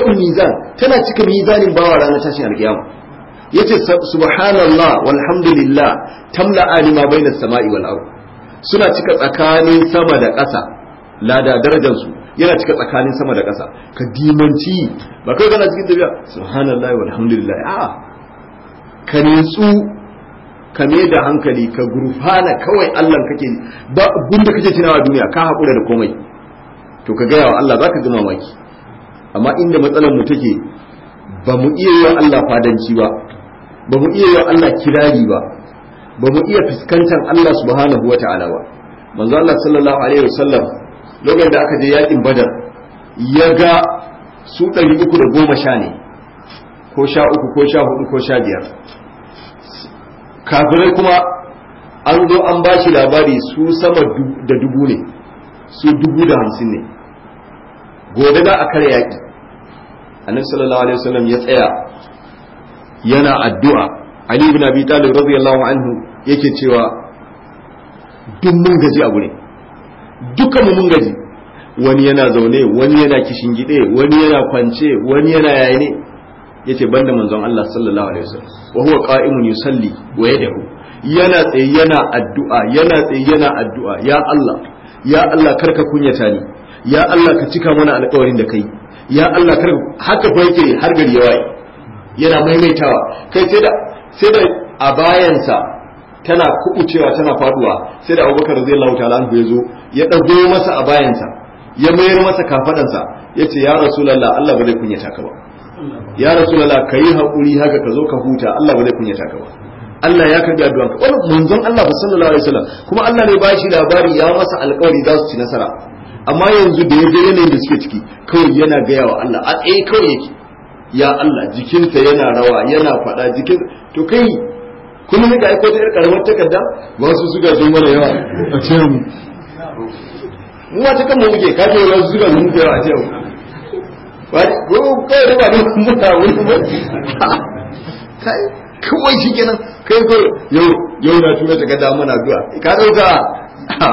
ul mizan mizan tana cika mizanin bawa ranar tashin alkiyama yace subhanallah walhamdulillah tamla alima baina sama'i wal ard suna cika tsakanin sama da ƙasa lada darajar su yana cika tsakanin sama da ƙasa ka dimanci ba kai kana cikin dabiya subhanallah walhamdulillah a ka nitsu ka me da hankali ka gurfana kawai Allah kake ba abinda kake tunawa duniya ka haƙura da komai to ka gaya wa Allah zaka ji mamaki amma inda matsalar mu take ba mu iya yi wa Allah fadanci ba ba mu iya yau Allah kirari ba ba mu iya fuskantar Allah subhanahu wa ta'ala ba manzo Allah sallallahu alaihi wasallam lokacin da aka je yakin badar ya ga su ɗari uku da goma sha ne ko sha uku ko sha hudu ko sha biyar kafirai kuma an zo an ba shi labari su sama da dubu ne su dubu da hamsin ne gobe za a kare yaƙi annabi sallallahu alaihi wasallam ya tsaya yana addu'a ali ibn abi talib radiyallahu anhu yake cewa duk mun gaji a gure duka mun gaji wani yana zaune wani yana kishin gide wani yana kwance wani yana yayane yace banda manzon Allah sallallahu alaihi wasallam wa huwa qa'imun yusalli wa yad'u yana tsaye yana addu'a yana tsaye yana addu'a ya Allah ya Allah karka kunyata ni ya Allah ka cika mana alƙawarin da kai ya Allah karka haka fa yake har gari ya waye yana maimaitawa kai sai da sai da a bayansa tana kubucewa tana faduwa sai da abubakar zai ta'ala anhu ya zo ya dago masa a bayansa ya mayar masa kafadansa ya ce ya rasulallah Allah ba zai kunyata ka ba ya rasulallah ka yi haƙuri haka ka zo ka huta Allah ba zai kunyata ka ba Allah ya karbi addu'a ka wannan manzon Allah ba sallallahu alaihi wasallam kuma Allah ne bashi labari ya masa alƙawari za su ci nasara amma yanzu da ya ga yanayin da suke ciki kawai yana gaya wa Allah a tsaye kawai yake ya Allah jikinta yana rawa yana faɗa jikin to kai kuma ne ga aiko ta karamar takarda ba su zo mana yawa a ce mu mu ta muke kaje ya su suka zo muke yawa a ce mu ko da ba mu wani ba kai kawai shikenan kai ko yau yau na tura takarda mana zuwa ka dauka a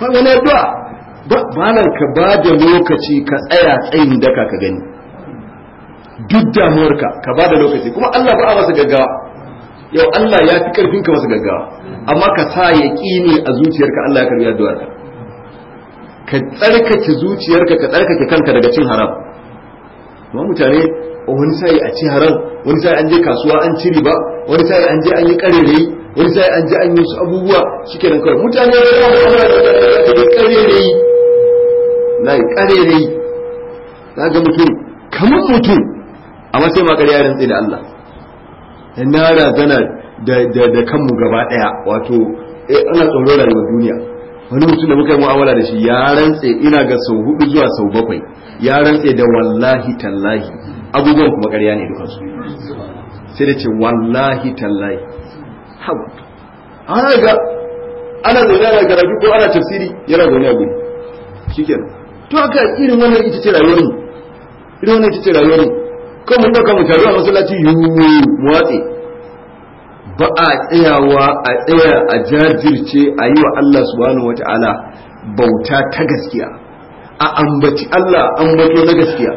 ha addu'a malam ka ba da lokaci ka tsaya tsayin daka ka gani duk damuwarka ka ba da lokaci kuma Allah ba a masa gaggawa yau Allah ya fi karfin ka masa gaggawa amma ka sa ya ne a zuciyarka Allah ya karbi addu'arka ka tsarkake zuciyarka ka tsarkake kanka daga cin haram amma mutane oh, wani sai a ci haram wani sai an je kasuwa an ciri ba wani sai an je an yi karerai wani sai an je an yi su abubuwa shikenan kawai mutane da yawa da karerai lai karere za ga mutum kamar mutum amma sai ma ƙarya tsaye da Allah na razana da kanmu gaba daya wato eh, ana tsoron rayuwar duniya wani mutum da muka yi mu'amala da shi ya rantse ina ga sau hudu zuwa sau bakwai ya rantse da wallahi tallahi abubuwan kuma ƙarya ne dukansu sai da ce wallahi tallahi haba ana ga ana zaune ana karatu ko ana tafsiri yana zaune a guri kenan to haka irin wannan ita ce rayuwar mu irin wannan ita ce rayuwar mu ko mun dauka mu taru a masallaci yuwu mu watse ba a tsayawa a tsaya a jajirce a yi wa Allah subhanahu wata'ala bauta ta gaskiya a ambaci Allah ambato na gaskiya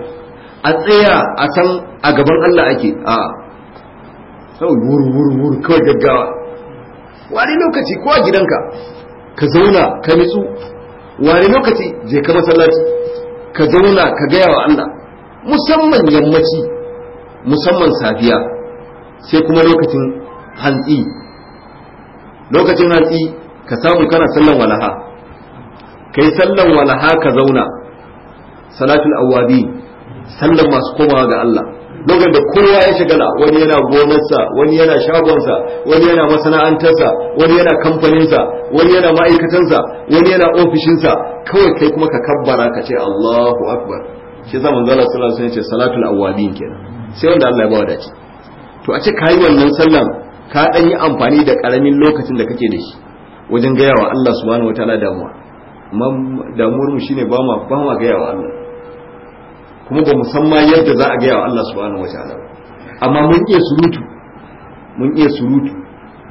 a tsaya a san a gaban Allah ake a sau wur kawai gaggawa wani lokaci ko a gidanka ka zauna ka nitsu wani lokaci je ka masallaci ka zauna ka gaya wa Allah musamman yammaci musamman safiya sai kuma lokacin hantsi lokacin hantsi ka samu kana sallan walaha ka yi sallan walaha ka zauna salatul awwabi sallan masu komawa ga Allah lokacin da kowa ya shagala wani yana gonarsa wani yana shagonsa wani yana masana'antarsa wani yana kamfaninsa wani yana ma'aikatansa wani yana ofishinsa kawai kai kuma ka kabbara ka ce Allahu akbar shi zama zala sallallahu alaihi wasallam ya ce salatul awabin kenan sai wanda Allah ya ba wadace to a ce kai wannan sallan ka dan yi amfani da karamin lokacin da kake da shi wajen gayawa Allah subhanahu wataala damuwa damuwar mu shine ba ma ba ma gayawa Allah kuma ba musamman yadda za a gaya wa Allah subhanahu wataala amma mun iya surutu mun iya surutu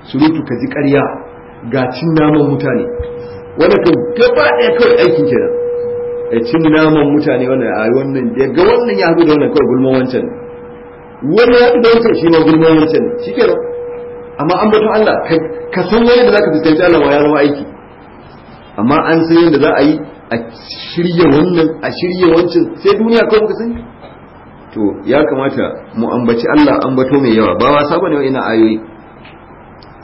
surutu ka ji ƙarya ga cin naman mutane wanda kan gaba ɗaya kawai aikin nan a cin naman mutane wanda a wannan ya ga wannan ya haɗu da wannan kawai gulman wancan wani ya haɗu da wancan shi ma gulman wancan shi ke amma an batun Allah ka san wani da za ka fuskanci Allah ma ya zama aiki amma an san yadda za a yi a shirya wannan a shirya wancan sai duniya kawai muka sani to ya kamata mu ambaci Allah ambato mai yawa ba wasa bane wa ina ayoyi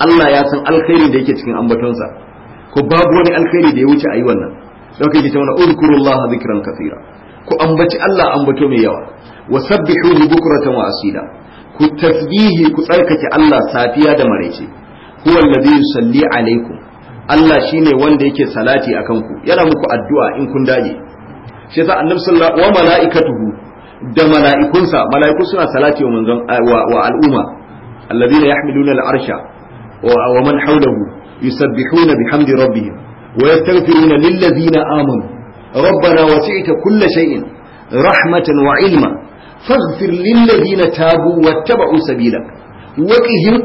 Allah ya san alkhairi da yake cikin ambatonsa ko babu wani alkhairi da ya wuce ayi wannan don kake ta mana uzkurullah zikran kafira. ku ambaci Allah ambato mai yawa wa sabbihuhu bukratan wa asila ku tasbihi ku tsarkake Allah safiya da maraice huwa alladhi yusalli alaikum Allah shine wanda yake salati akan ku yana muku addu'a in kun dage shi yasa annabi sallallahu wa malaikatuhu da mala'ikunsa mala'iku suna salati wa manzon wa al'umma alladhina yahmiluna al'arsha wa man hawlahu yusabbihuna bihamdi rabbihim wa yastaghfiruna lilladhina amanu ربنا وسعت كل شيء رحمة وعلما فاغفر للذين تابوا واتبعوا سبيلك وقهم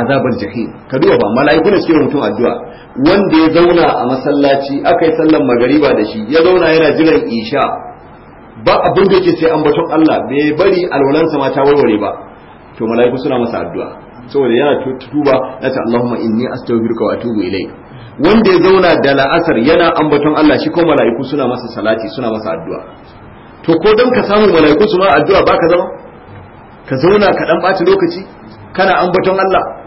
azabar jahi ka duba ba mala'iku ne suke mutum addu'a wanda ya zauna a masallaci aka yi sallan magariba da shi ya zauna yana jiran isha ba abin da yake sai ambaton Allah bai bari alwalansa ma ta warware ba to mala'iku suna masa addu'a saboda yana tuba ya ce Allahumma inni astaghfiruka wa atubu ilayk wanda ya zauna da la'asar yana ambaton Allah shi ko mala'iku suna masa salati suna masa addu'a to ko don ka samu mala'iku su ma addu'a ba ka zama ka zauna ka dan ɓata lokaci kana ambaton Allah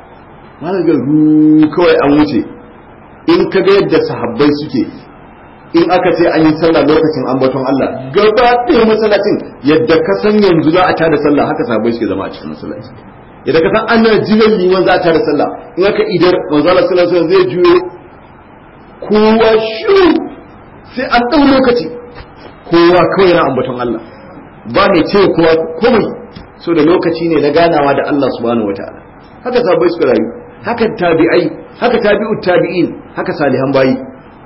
mana ga ru kawai an wuce in ka ga yadda sahabbai suke in aka ce an yi sallah lokacin ambaton Allah gaba ɗaya masallacin yadda ka san yanzu za a da sallah haka sahabbai suke zama a cikin masallaci yadda ka san ana jiran liman za a da sallah in aka idar manzo Allah sallallahu alaihi wasallam zai juye kowa shu sai an ɗau lokaci kowa kawai na ambaton Allah ba mai ce kowa komai so da lokaci ne na ganawa da Allah subhanahu wataala haka sahabbai suka rayu haka tabi'ai haka tabi'ut tabi'in haka salihan bayi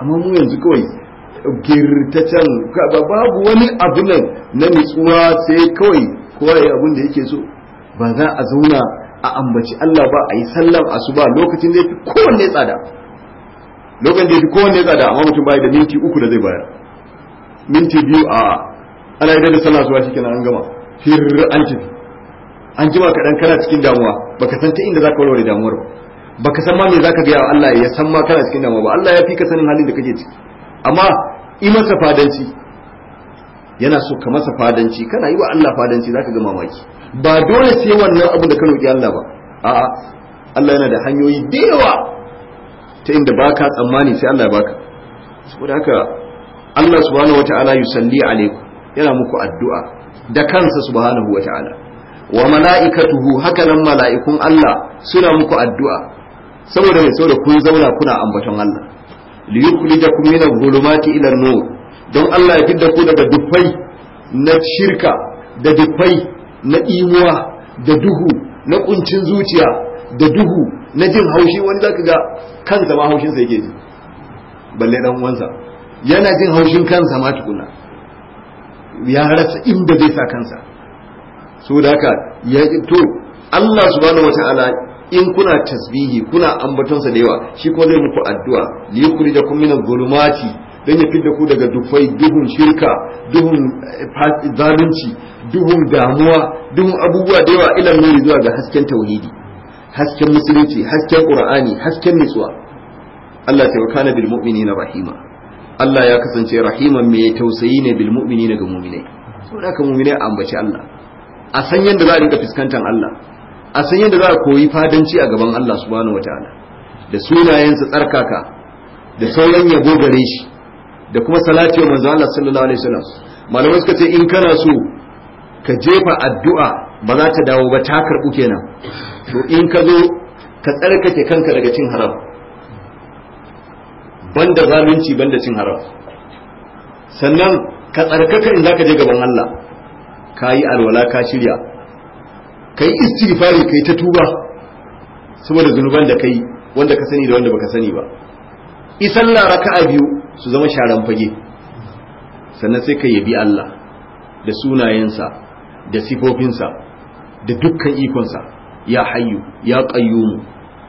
amma mu yanzu kawai girtacen babu wani abu nan na nutsuwa sai kawai kowa ya abin da yake so ba za a zauna a ambaci Allah ba a yi sallan ba. lokacin da ya fi kowanne tsada lokacin da ya fi kowanne tsada amma mutum bai da minti uku da zai bayar minti biyu a ana yi da sallah asuba shikenan an gama fir an tafi an jima kaɗan kana cikin damuwa baka san ta inda za ka warware damuwar ba baka san ma me zaka ga Allah ya san ma kana cikin damuwa ba Allah ya fi ka sanin halin da kake ciki amma i masa fadanci yana so ka masa fadanci kana yi wa Allah fadanci zaka ga mamaki ba dole sai wannan abu da ka roki Allah ba a'a Allah yana da hanyoyi da yawa ta inda baka tsammani sai Allah ya baka saboda haka Allah subhanahu wataala yusalli alaikum yana muku addu'a da kansa subhanahu wataala wa mala'ikatuhu haka nan mala'ikun Allah suna muku addu'a saboda mai saboda kun zauna kuna ambaton Allah li yukhrijakum min al dhulumati ila an-nur don Allah ya fidda ku daga dufai na shirka da dufai na imuwa da duhu na kuncin zuciya da duhu na jin haushi wani zaka ga kansa ma haushin sa yake balle dan uwansa yana jin haushin kansa ma tukuna ya rasa inda zai sa kansa so da haka ya to Allah subhanahu wataala in kuna tasbihi kuna ambatonsa da yawa shi ko zai muku addu'a li da min adh-dhulumati dan ya fidda ku daga dufai duhun shirka duhun eh, zalunci duhun damuwa duhun abubuwa da yawa ila nuri zuwa ga hasken tauhidi hasken musulunci hasken qur'ani hasken nutsuwa Allah ta kana bil mu'minina rahima Allah ya kasance rahiman mai tausayi ne bil mu'minina ga mu'minai saboda ka mu'minai ambaci Allah a san yadda za a rinka fuskantar Allah a san yadda za a koyi fadanci a gaban Allah subhanahu wataala da sunayensa tsarkaka da sauran yabo gare shi da kuma salati wa manzo Allah sallallahu alaihi wasallam malamai suka ce in kana so ka jefa addu'a ba za ta dawo ba ta karbu kenan to in ka zo ka tsarkake kanka daga cin haram banda zalunci banda cin haram sannan ka tsarkaka in zaka je gaban Allah ka yi alwala ka shirya kai istighfari kai ta tuba saboda zunuban da kai wanda ka sani da wanda baka sani ba isalla a biyu su zama sharan fage sannan sai ka yabi Allah da sunayensa da sifofinsa da dukkan ikonsa ya hayyu ya qayyum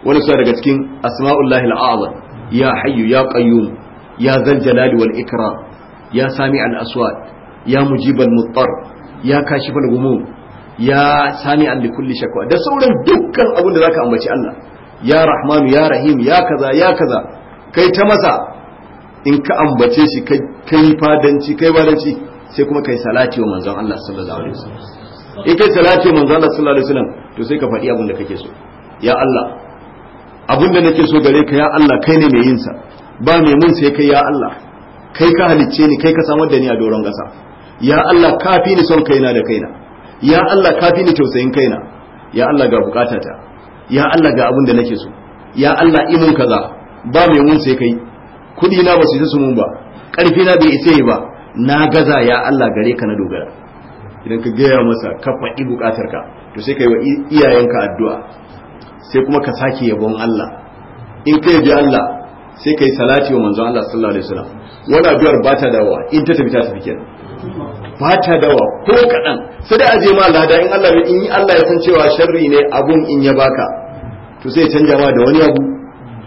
wani suna daga cikin asma'ullahi al'azam ya hayyu ya qayyum ya zal jalali wal ikram ya sami al aswad ya mujibal muttar ya kashifal gumum ya sami an kulli shakwa da sauran dukkan abin da zaka ambaci Allah ya rahmanu ya rahim ya kaza ya kaza kai ta masa in ka ambace shi kai fadanci kai fadanci sai kuma kai salati wa manzon Allah sallallahu alaihi wasallam in kai salati wa manzon Allah sallallahu alaihi wasallam to sai ka faɗi abin da kake so ya Allah abin da nake so gare ka ya Allah kai ne mai yin sa ba mai mun sai kai ya Allah kai ka halicce ni kai ka samar da ni a doron gasa ya Allah kafi ni son kaina da kaina ya Allah ka fi ni tausayin kaina ya Allah ga bukatata ya Allah ga abin da nake so ya Allah imin kaza ba mai mun sai kai kudi na ba su isa su mun ba karfi na bai isa ba na gaza ya Allah gare ka na dogara idan ka gaya masa ka faɗi bukatar ka to sai kai wa iyayenka addu'a sai kuma ka sake yabon Allah in ka yabi Allah sai kai salati wa manzon Allah sallallahu alaihi wasallam wannan addu'ar ba ta dawowa in ta tafi ta tafi kenan bata dawa ko kaɗan sai dai aje ma lada in Allah in Allah ya san cewa sharri ne abun in ya baka to sai canja ma da wani abu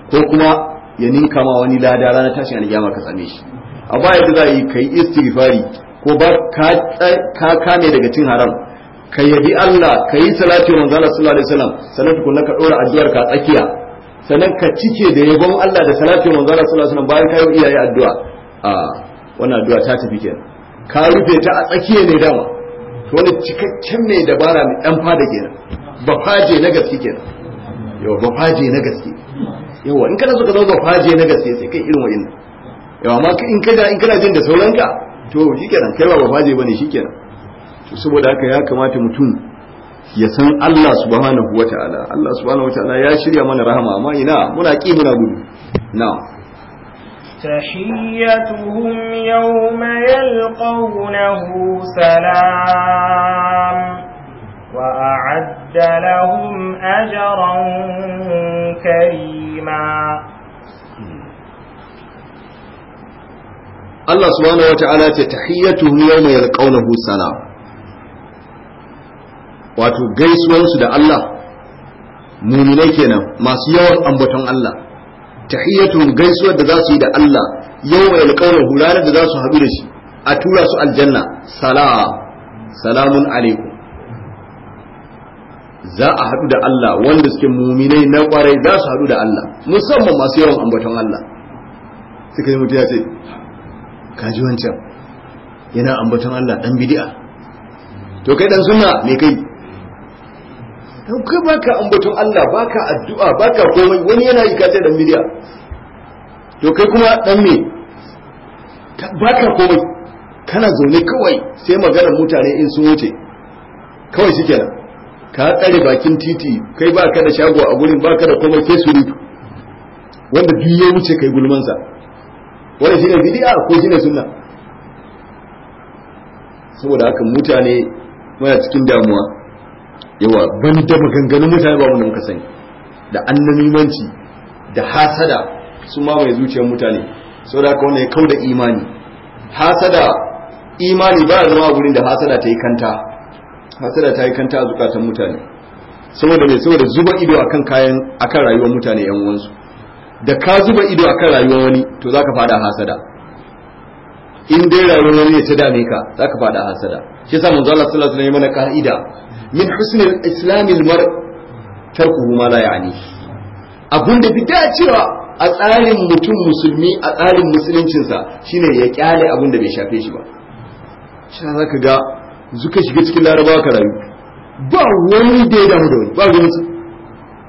ko kuma ya ninka ma wani lada ranar tashin alƙiyama ka same shi a baya da za yi kai istighfari ko ba ka kame daga cin haram ka yabi Allah ka yi salati wa manzo Allah sallallahu alaihi wasallam sanan tukun ka dora addu'ar ka tsakiya sanan ka cike da yabon Allah da salati wa manzo Allah sallallahu alaihi wasallam bayan ka yi iyaye addu'a a ah, wannan addu'a ta tafi kenan ka rufe ta a tsakiya ne dama to wani cikakken mai dabara mai dan fada kenan ba faje na gaske kenan yawa ba faje na gaske yawa in kana so ka zama ba faje na gaske sai kai irin wa'in yawa amma in kana in kana jin da sauranka to shikenan kai ba ba faje bane shikenan to saboda haka ya kamata mutum ya san Allah subhanahu wa ta'ala Allah subhanahu wa ta'ala ya shirya mana rahama amma ina muna ƙi muna gudu na'am تحيتهم يوم يلقونه سلام وأعد لهم أجرا كريما Allah subhanahu wa ta'ala ce tahiyyatuhum yawma yalqawnahu salam wato gaisuwansu da Allah muminai kenan masu yawan ambaton Allah tahiyyatuhum gaisuwar da za su yi da Allah yau mai alƙawar ranar da za su haɗu da shi a tura su aljanna salam salamun alaikum za a haɗu da Allah wanda suke muminai na ƙwarai za su haɗu da Allah musamman masu yawan ambaton Allah suka yi mutu ya ce kaji wancan yana ambaton Allah dan bid'a to kai dan sunna me kai in kai baka ambaton Allah baka addu'a baka komai wani yana yi kace da miliya. to kai kuma dan me baka komai kana zaune kawai sai maganar mutane in sun wuce kawai nan ka tsare bakin titi kai baka da shago a gurin baka da komai sai surutu wanda duk ya wuce kai gulmansa shi shine bidiya ko shine sunna saboda haka mutane muna cikin damuwa yawa ban da maganganun mutane ba wanda muka sani da annamimanci da hasada su mamaye zuciyar mutane da haka wanda ya kau da imani hasada imani ba a zama gurin da hasada ta yi kanta hasada ta yi kanta a zukatan mutane saboda mai saboda zuba ido akan kayan akan rayuwar mutane yan uwansu da ka zuba ido akan rayuwar wani to zaka fada hasada in dai rayuwar wani ya ta dame ka zaka fada hasada shi yasa manzo Allah sallallahu alaihi wasallam ya mana ka'ida min husnul islamil mar tarkuhu ma la ya'ni abun da bi cewa a tsarin mutum musulmi a tsarin musuluncinsa shine ya kyale abun da bai shafe shi ba shi za ka ga zuka shiga cikin larabawa ka rayu ba wani da ya damu da wani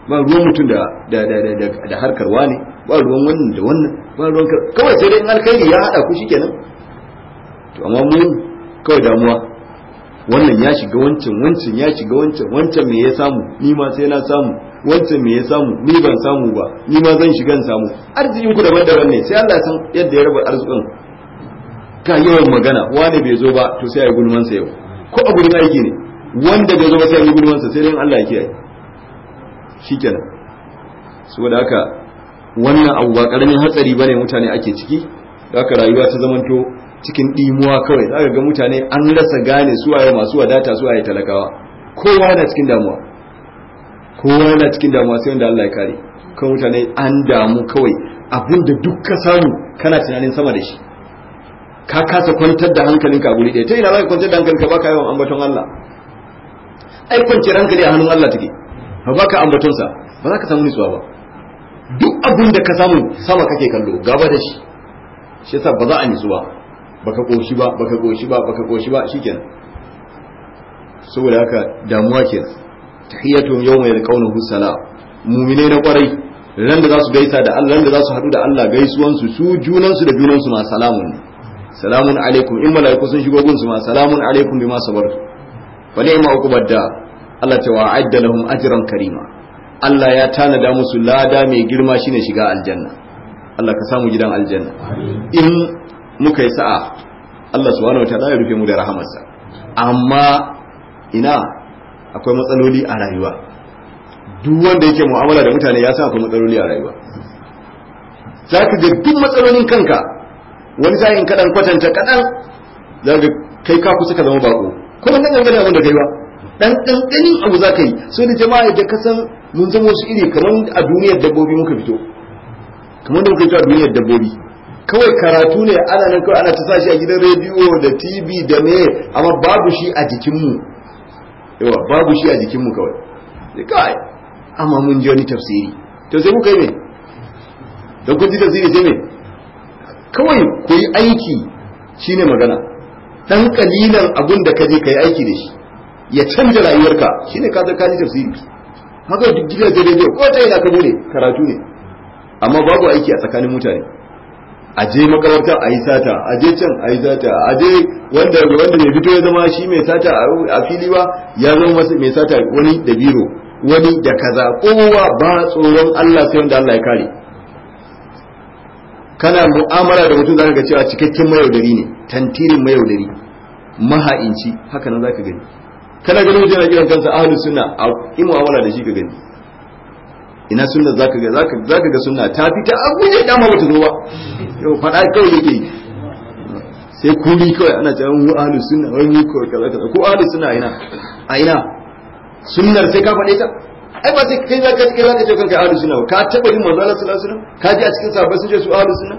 ba ruwan ba ruwan mutum da da da da harkar wani ba ruwan wannan da wannan ba ruwan kawai sai dai in alkhairi ya hada ku shikenan to amma mun kawai damuwa wannan ya shiga wancan wancan ya shiga wancan wancan me ya samu ni ma sai na samu wancan me ya samu ni ban samu ba ni ma zan shiga samu arzikin ku daban daban ne sai Allah san yadda ya raba arzikin ka yawan magana wani bai zo ba to sai ya gulman sa yau ko a gurin aiki ne wanda bai zo ba sai yi gulman sa sai dai Allah ya kiyaye shikenan saboda haka wannan abu ba karamin hatsari bane mutane ake ciki haka rayuwa ta zamanto cikin ɗimuwa kawai za ga mutane an rasa gane suwaye masu wadata suwaye talakawa kowa yana cikin damuwa kowa yana cikin damuwa sai wanda Allah ya kare kan mutane an damu kawai abin da duk ka samu kana tunanin sama da shi ka kasa kwantar da hankalinka a guri ɗaya ta ina za ka kwantar da hankalinka baka yawan ambaton Allah ai kwanci hankali a hannun Allah take ba baka ambatonsa ba za ka samu nutsuwa ba duk abin da ka samu sama kake kallo gaba da shi shi yasa ba za a nutsuwa baka koshi ba baka koshi ba baka koshi ba shikenan saboda haka damuwa kenan tahiyatuhum yawma yalqawnahu salam mu'mine na kwarai ran da zasu gaisa da Allah ran da za su haɗu da Allah gaisuwan su su junan su da junan su ma salamun ne salamun alaikum in malaiku sun shigo gun su ma salamun alaikum bima sabartu fa ni'ma uqbad da Allah ta wa'adda lahum ajran karima Allah ya tanada musu lada mai girma shine shiga aljanna Allah ka samu gidan aljanna in muka yi sa'a Allah subhanahu wataala ya rufe mu da rahamarsa amma ina akwai matsaloli a rayuwa duk wanda yake mu'amala da mutane ya san akwai matsaloli a rayuwa za ka ga duk matsalolin kanka wani sa'in kaɗan kwatanta kaɗan za ka kai ka kusa ka zama bako kuma ɗan gani abin da kai ba ɗan ɗanɗanin abu za ka yi so da jama'a da ka san mun zama wasu iri kamar a duniyar dabbobi muka fito kamar da muka fito a duniyar dabbobi kawai karatu ne ana nan kawai ana ta sa shi a gidan rediyo da tv da me amma babu shi a jikinmu yawa babu shi a jikinmu kawai kai amma mun ji wani tafsiri to sai kuka yi ne da kun ji tafsiri sai me kawai ku yi aiki shine magana dan kalilan abun da ka je ka yi aiki da shi ya canza rayuwarka shine ka ka ji tafsiri haka duk gidan rediyo ko ta na ka bude karatu ne amma babu aiki a tsakanin mutane a je a yi sata aje can a yi sata a wanda wanda fito ya zama shi mai sata a fili ba ya zama masa mai sata wani da biro wani da kaza kowa ba tsoron Allah sai wanda Allah ya kare kana mu'amala da mutum zaka ga cewa cikakken mayaudari ne tantirin mayaudari maha'inci haka nan zaka gani kana ganin mutum yana kiran kansa ahlus sunna a mu'amala da shi ka gani ina sunna zaka ga zaka zaka ga sunna ta fita abu ne dama bata zo ba yau fada kai yake sai kuli kai ana cewa mu ahlus sunna wai ni ko kaza kaza ko ahlus sunna ina a ina sunnar sai ka fade ta ai ba sai kai zaka kai zaka ce kanka ahlus sunna ka taba yin manzo Allah sallallahu alaihi wasallam ka ji a cikin sahabbai sun ce su ahlus sunna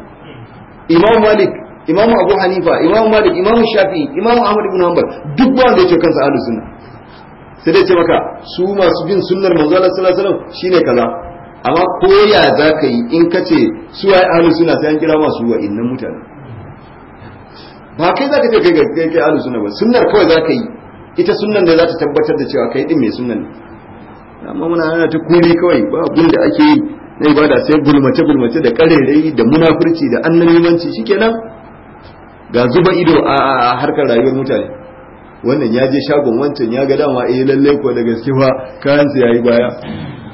imam malik imam abu hanifa imam malik imam shafi'i imam ahmad ibn hanbal duk ba wanda ya ce kansa ahlus sunna sai dai ce maka su masu bin sunnar manzo Allah sallallahu alaihi wasallam shine kaza amma ko ya za yi in ka ce su ai ahlus sunna sai an kira masu innan mutane ba kai za ce kai kai ahlus sunna ba sunnar kawai za yi ita sunnan da zata tabbatar da cewa kai din mai sunnan ne amma muna ana ta kuri kawai ba abin da ake yi na ibada sai gulmace gulmace da karerai da munafurci da annabimanci shikenan ga zuba ido a harkar rayuwar mutane wannan ya je shagon wancan ya ga dama eh lalle ko da gaske fa kayan ya yayi baya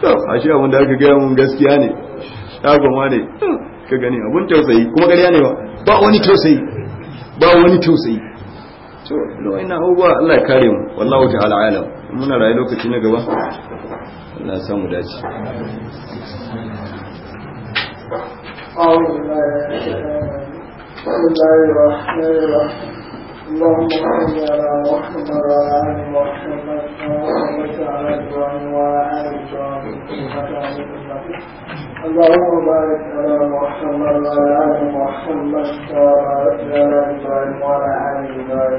to ashe abin da aka gaya mun gaskiya ne shagon ma ne hmm, ka gani abun tausayi kuma ƙarya ne ba ba wani tausayi ba wani tausayi to lo ina hawa Allah ya kare mu wallahi ta'ala alam muna rayu lokaci na gaba Allah ya samu dace أعوذ بالله الرحمن الرحيم اللهم بارك على محمد وعلى ال محمد كما صليت على ابراهيم وعلى ال ابراهيم انك حميد مجيد اللهم بارك على محمد وعلى ال محمد كما باركت على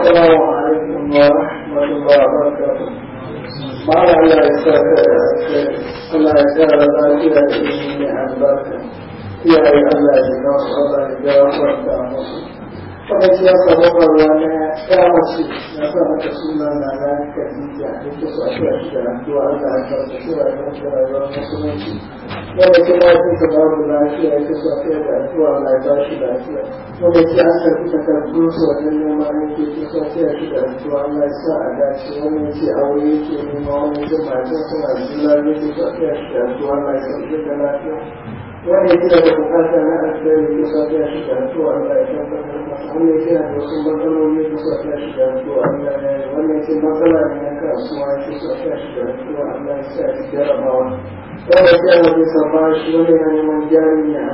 السلام عليكم ورحمه الله وبركاته ما لا يسافر الله يجعل ذلك في البركه iyaye Allah ya ba su Allah ya ga wanda musu kuma shi ya samu barwa na ya mace na sa mata suna na na Khadija da ke so a shi a cikin rayuwa Allah ya ba su yi da rayuwar musulunci wanda ke ya su lafiya ya ke so da addu'a Allah ba shi lafiya wanda ke an karɓi takardun su wajen nema ne ke ke so a kai a cikin addu'a Allah sa a dace wani ya ce aure yake nema wani ya ce matan suna jin lafiya ke so a a cikin sa da lafiya wanda kira da bukata na alfiyar da kusa ta shi karantuwa Allah ya shafa wannan kira da wasu matsaloli kusa ta shi karantuwa Allah ya yi wannan ce matsala ne na kasuwa kusa ta shi karantuwa Allah ya sa shi jarabawa wanda kira da kusa ba shi wanda ya neman jari ne a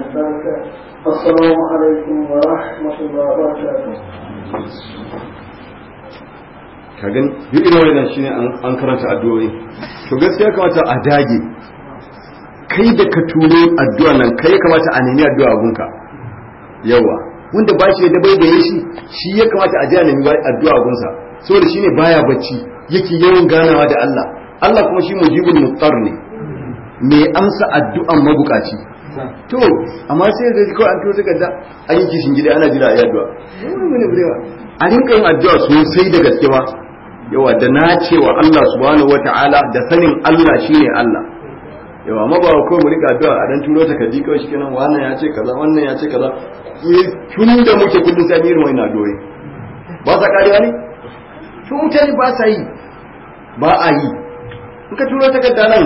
ka gani duk irin wannan shine an karanta addu'o'i to gaskiya kamata a dage kai da ka turo addu'a nan kai ya kamata a nemi addu'a gunka yawa wanda ba shi da bai da yashi shi ya kamata a jiya nemi addu'a gunsa saboda shine baya bacci yake yawan ganawa da Allah Allah kuma shi mujibul muqtar ne mai amsa addu'an mabukaci to amma sai da ko an turo takarda an yi kishin gida ana jira a yi addu'a a rinka yin addu'a sosai da gaske ba yawa da na cewa Allah subhanahu wataala da sanin Allah shine Allah yawa amma ba kawai mu rika addu'a a dan turo takardi kawai shikenan wannan ya ce kaza wannan ya ce kaza tun da muke kullun sai irin wannan addu'o'i ba sa karewa ne to mutane ba sa yi ba a yi in ka turo takarda nan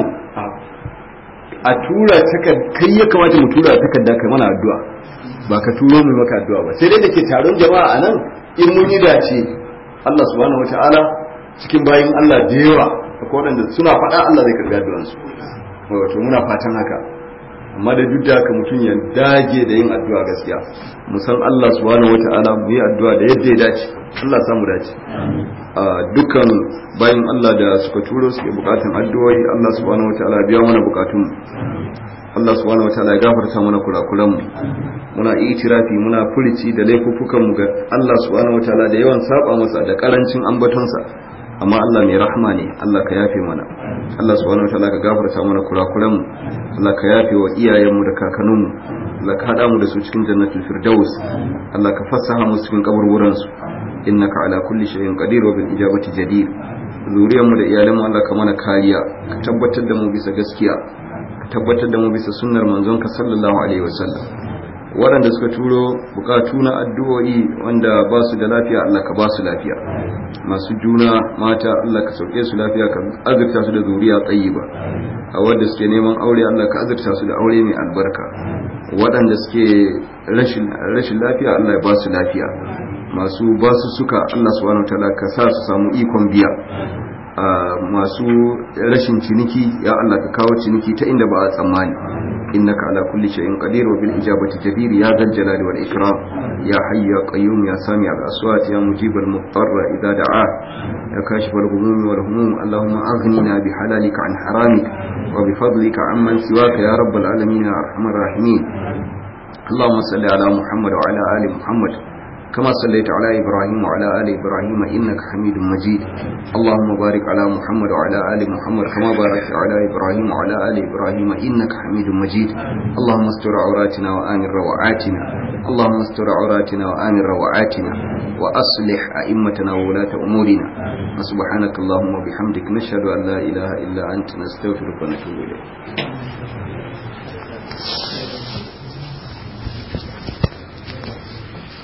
a tura takarda kai ya kamata mu tura takarda kai mana addu'a ba ka turo mu maka addu'a ba sai dai da ke taron jama'a a nan in mun yi dace Allah subhanahu wataala cikin bayin Allah da yawa akwai waɗanda suna faɗa Allah zai karɓi addu'ansu wato muna fatan haka amma da duk da haka mutum ya dage da yin addu'a gaskiya mu san Allah subhanahu wata'ala mu yi addu'a da yadda ya dace Allah ya samu dace a dukkan bayan Allah da suka turo suke bukatun addu'o'i Allah subhanahu wata'ala biya mana bukatun Allah subhanahu wataala ya gafarta mana kurakuran mu muna itirafi muna furici da laifukan mu ga Allah subhanahu wataala da yawan saba masa da karancin ambatonsa amma Allah mai rahama ne Allah ka yafe mana Allah subhanahu wataala ka gafarta mana kurakuranmu mu Allah ka yafe wa iyayenmu da kakanunmu Allah ka hada mu da su cikin jannatul firdaus Allah ka fassaha mu cikin kaburburan su innaka ala kulli shay'in qadir wa bil ijabati jadir zuriyar da iyalinmu Allah ka mana kariya ka tabbatar da mu bisa gaskiya ka tabbatar da mu bisa sunnar manzon ka sallallahu alaihi wasallam waɗanda suka turo bukatu na addu'o'i wanda ba su da lafiya Allah ka ba su lafiya masu juna mata Allah ka sauke su lafiya ka azurta su da zuriya tsayi ba a wadda suke neman aure Allah ka azurta su da aure mai albarka waɗanda suke rashin lafiya Allah ya ba su lafiya masu ba su suka Allah subhanahu wataala ka sa su samu ikon biya masu rashin ciniki ya Allah ka kawo ciniki ta inda ba a tsammani innaka ala kulli shay'in qadir wa bil ijabati jadir ya zal jalali wal ikram ya hayy ya qayyum ya sami al aswat ya mujib al mutarra idha da'a ya kashif al ghumum wal humum allahumma aghnina bi halalika an haramik wa bi fadlika amman siwaka ya rabbal alamin ya arhamar rahimin اللهم صل على محمد وعلى ال محمد كما صليت على إبراهيم وعلى آل إبراهيم إنك حميد مجيد اللهم بارك على محمد وعلى آل محمد كما باركت على إبراهيم وعلى آل إبراهيم إنك حميد مجيد اللهم استر عوراتنا وآمن روعاتنا اللهم استر عوراتنا وآمن روعاتنا وأصلح أئمتنا وولاة أمورنا سبحانك اللهم وبحمدك نشهد أن لا إله إلا أنت نستغفرك ونتوب إليك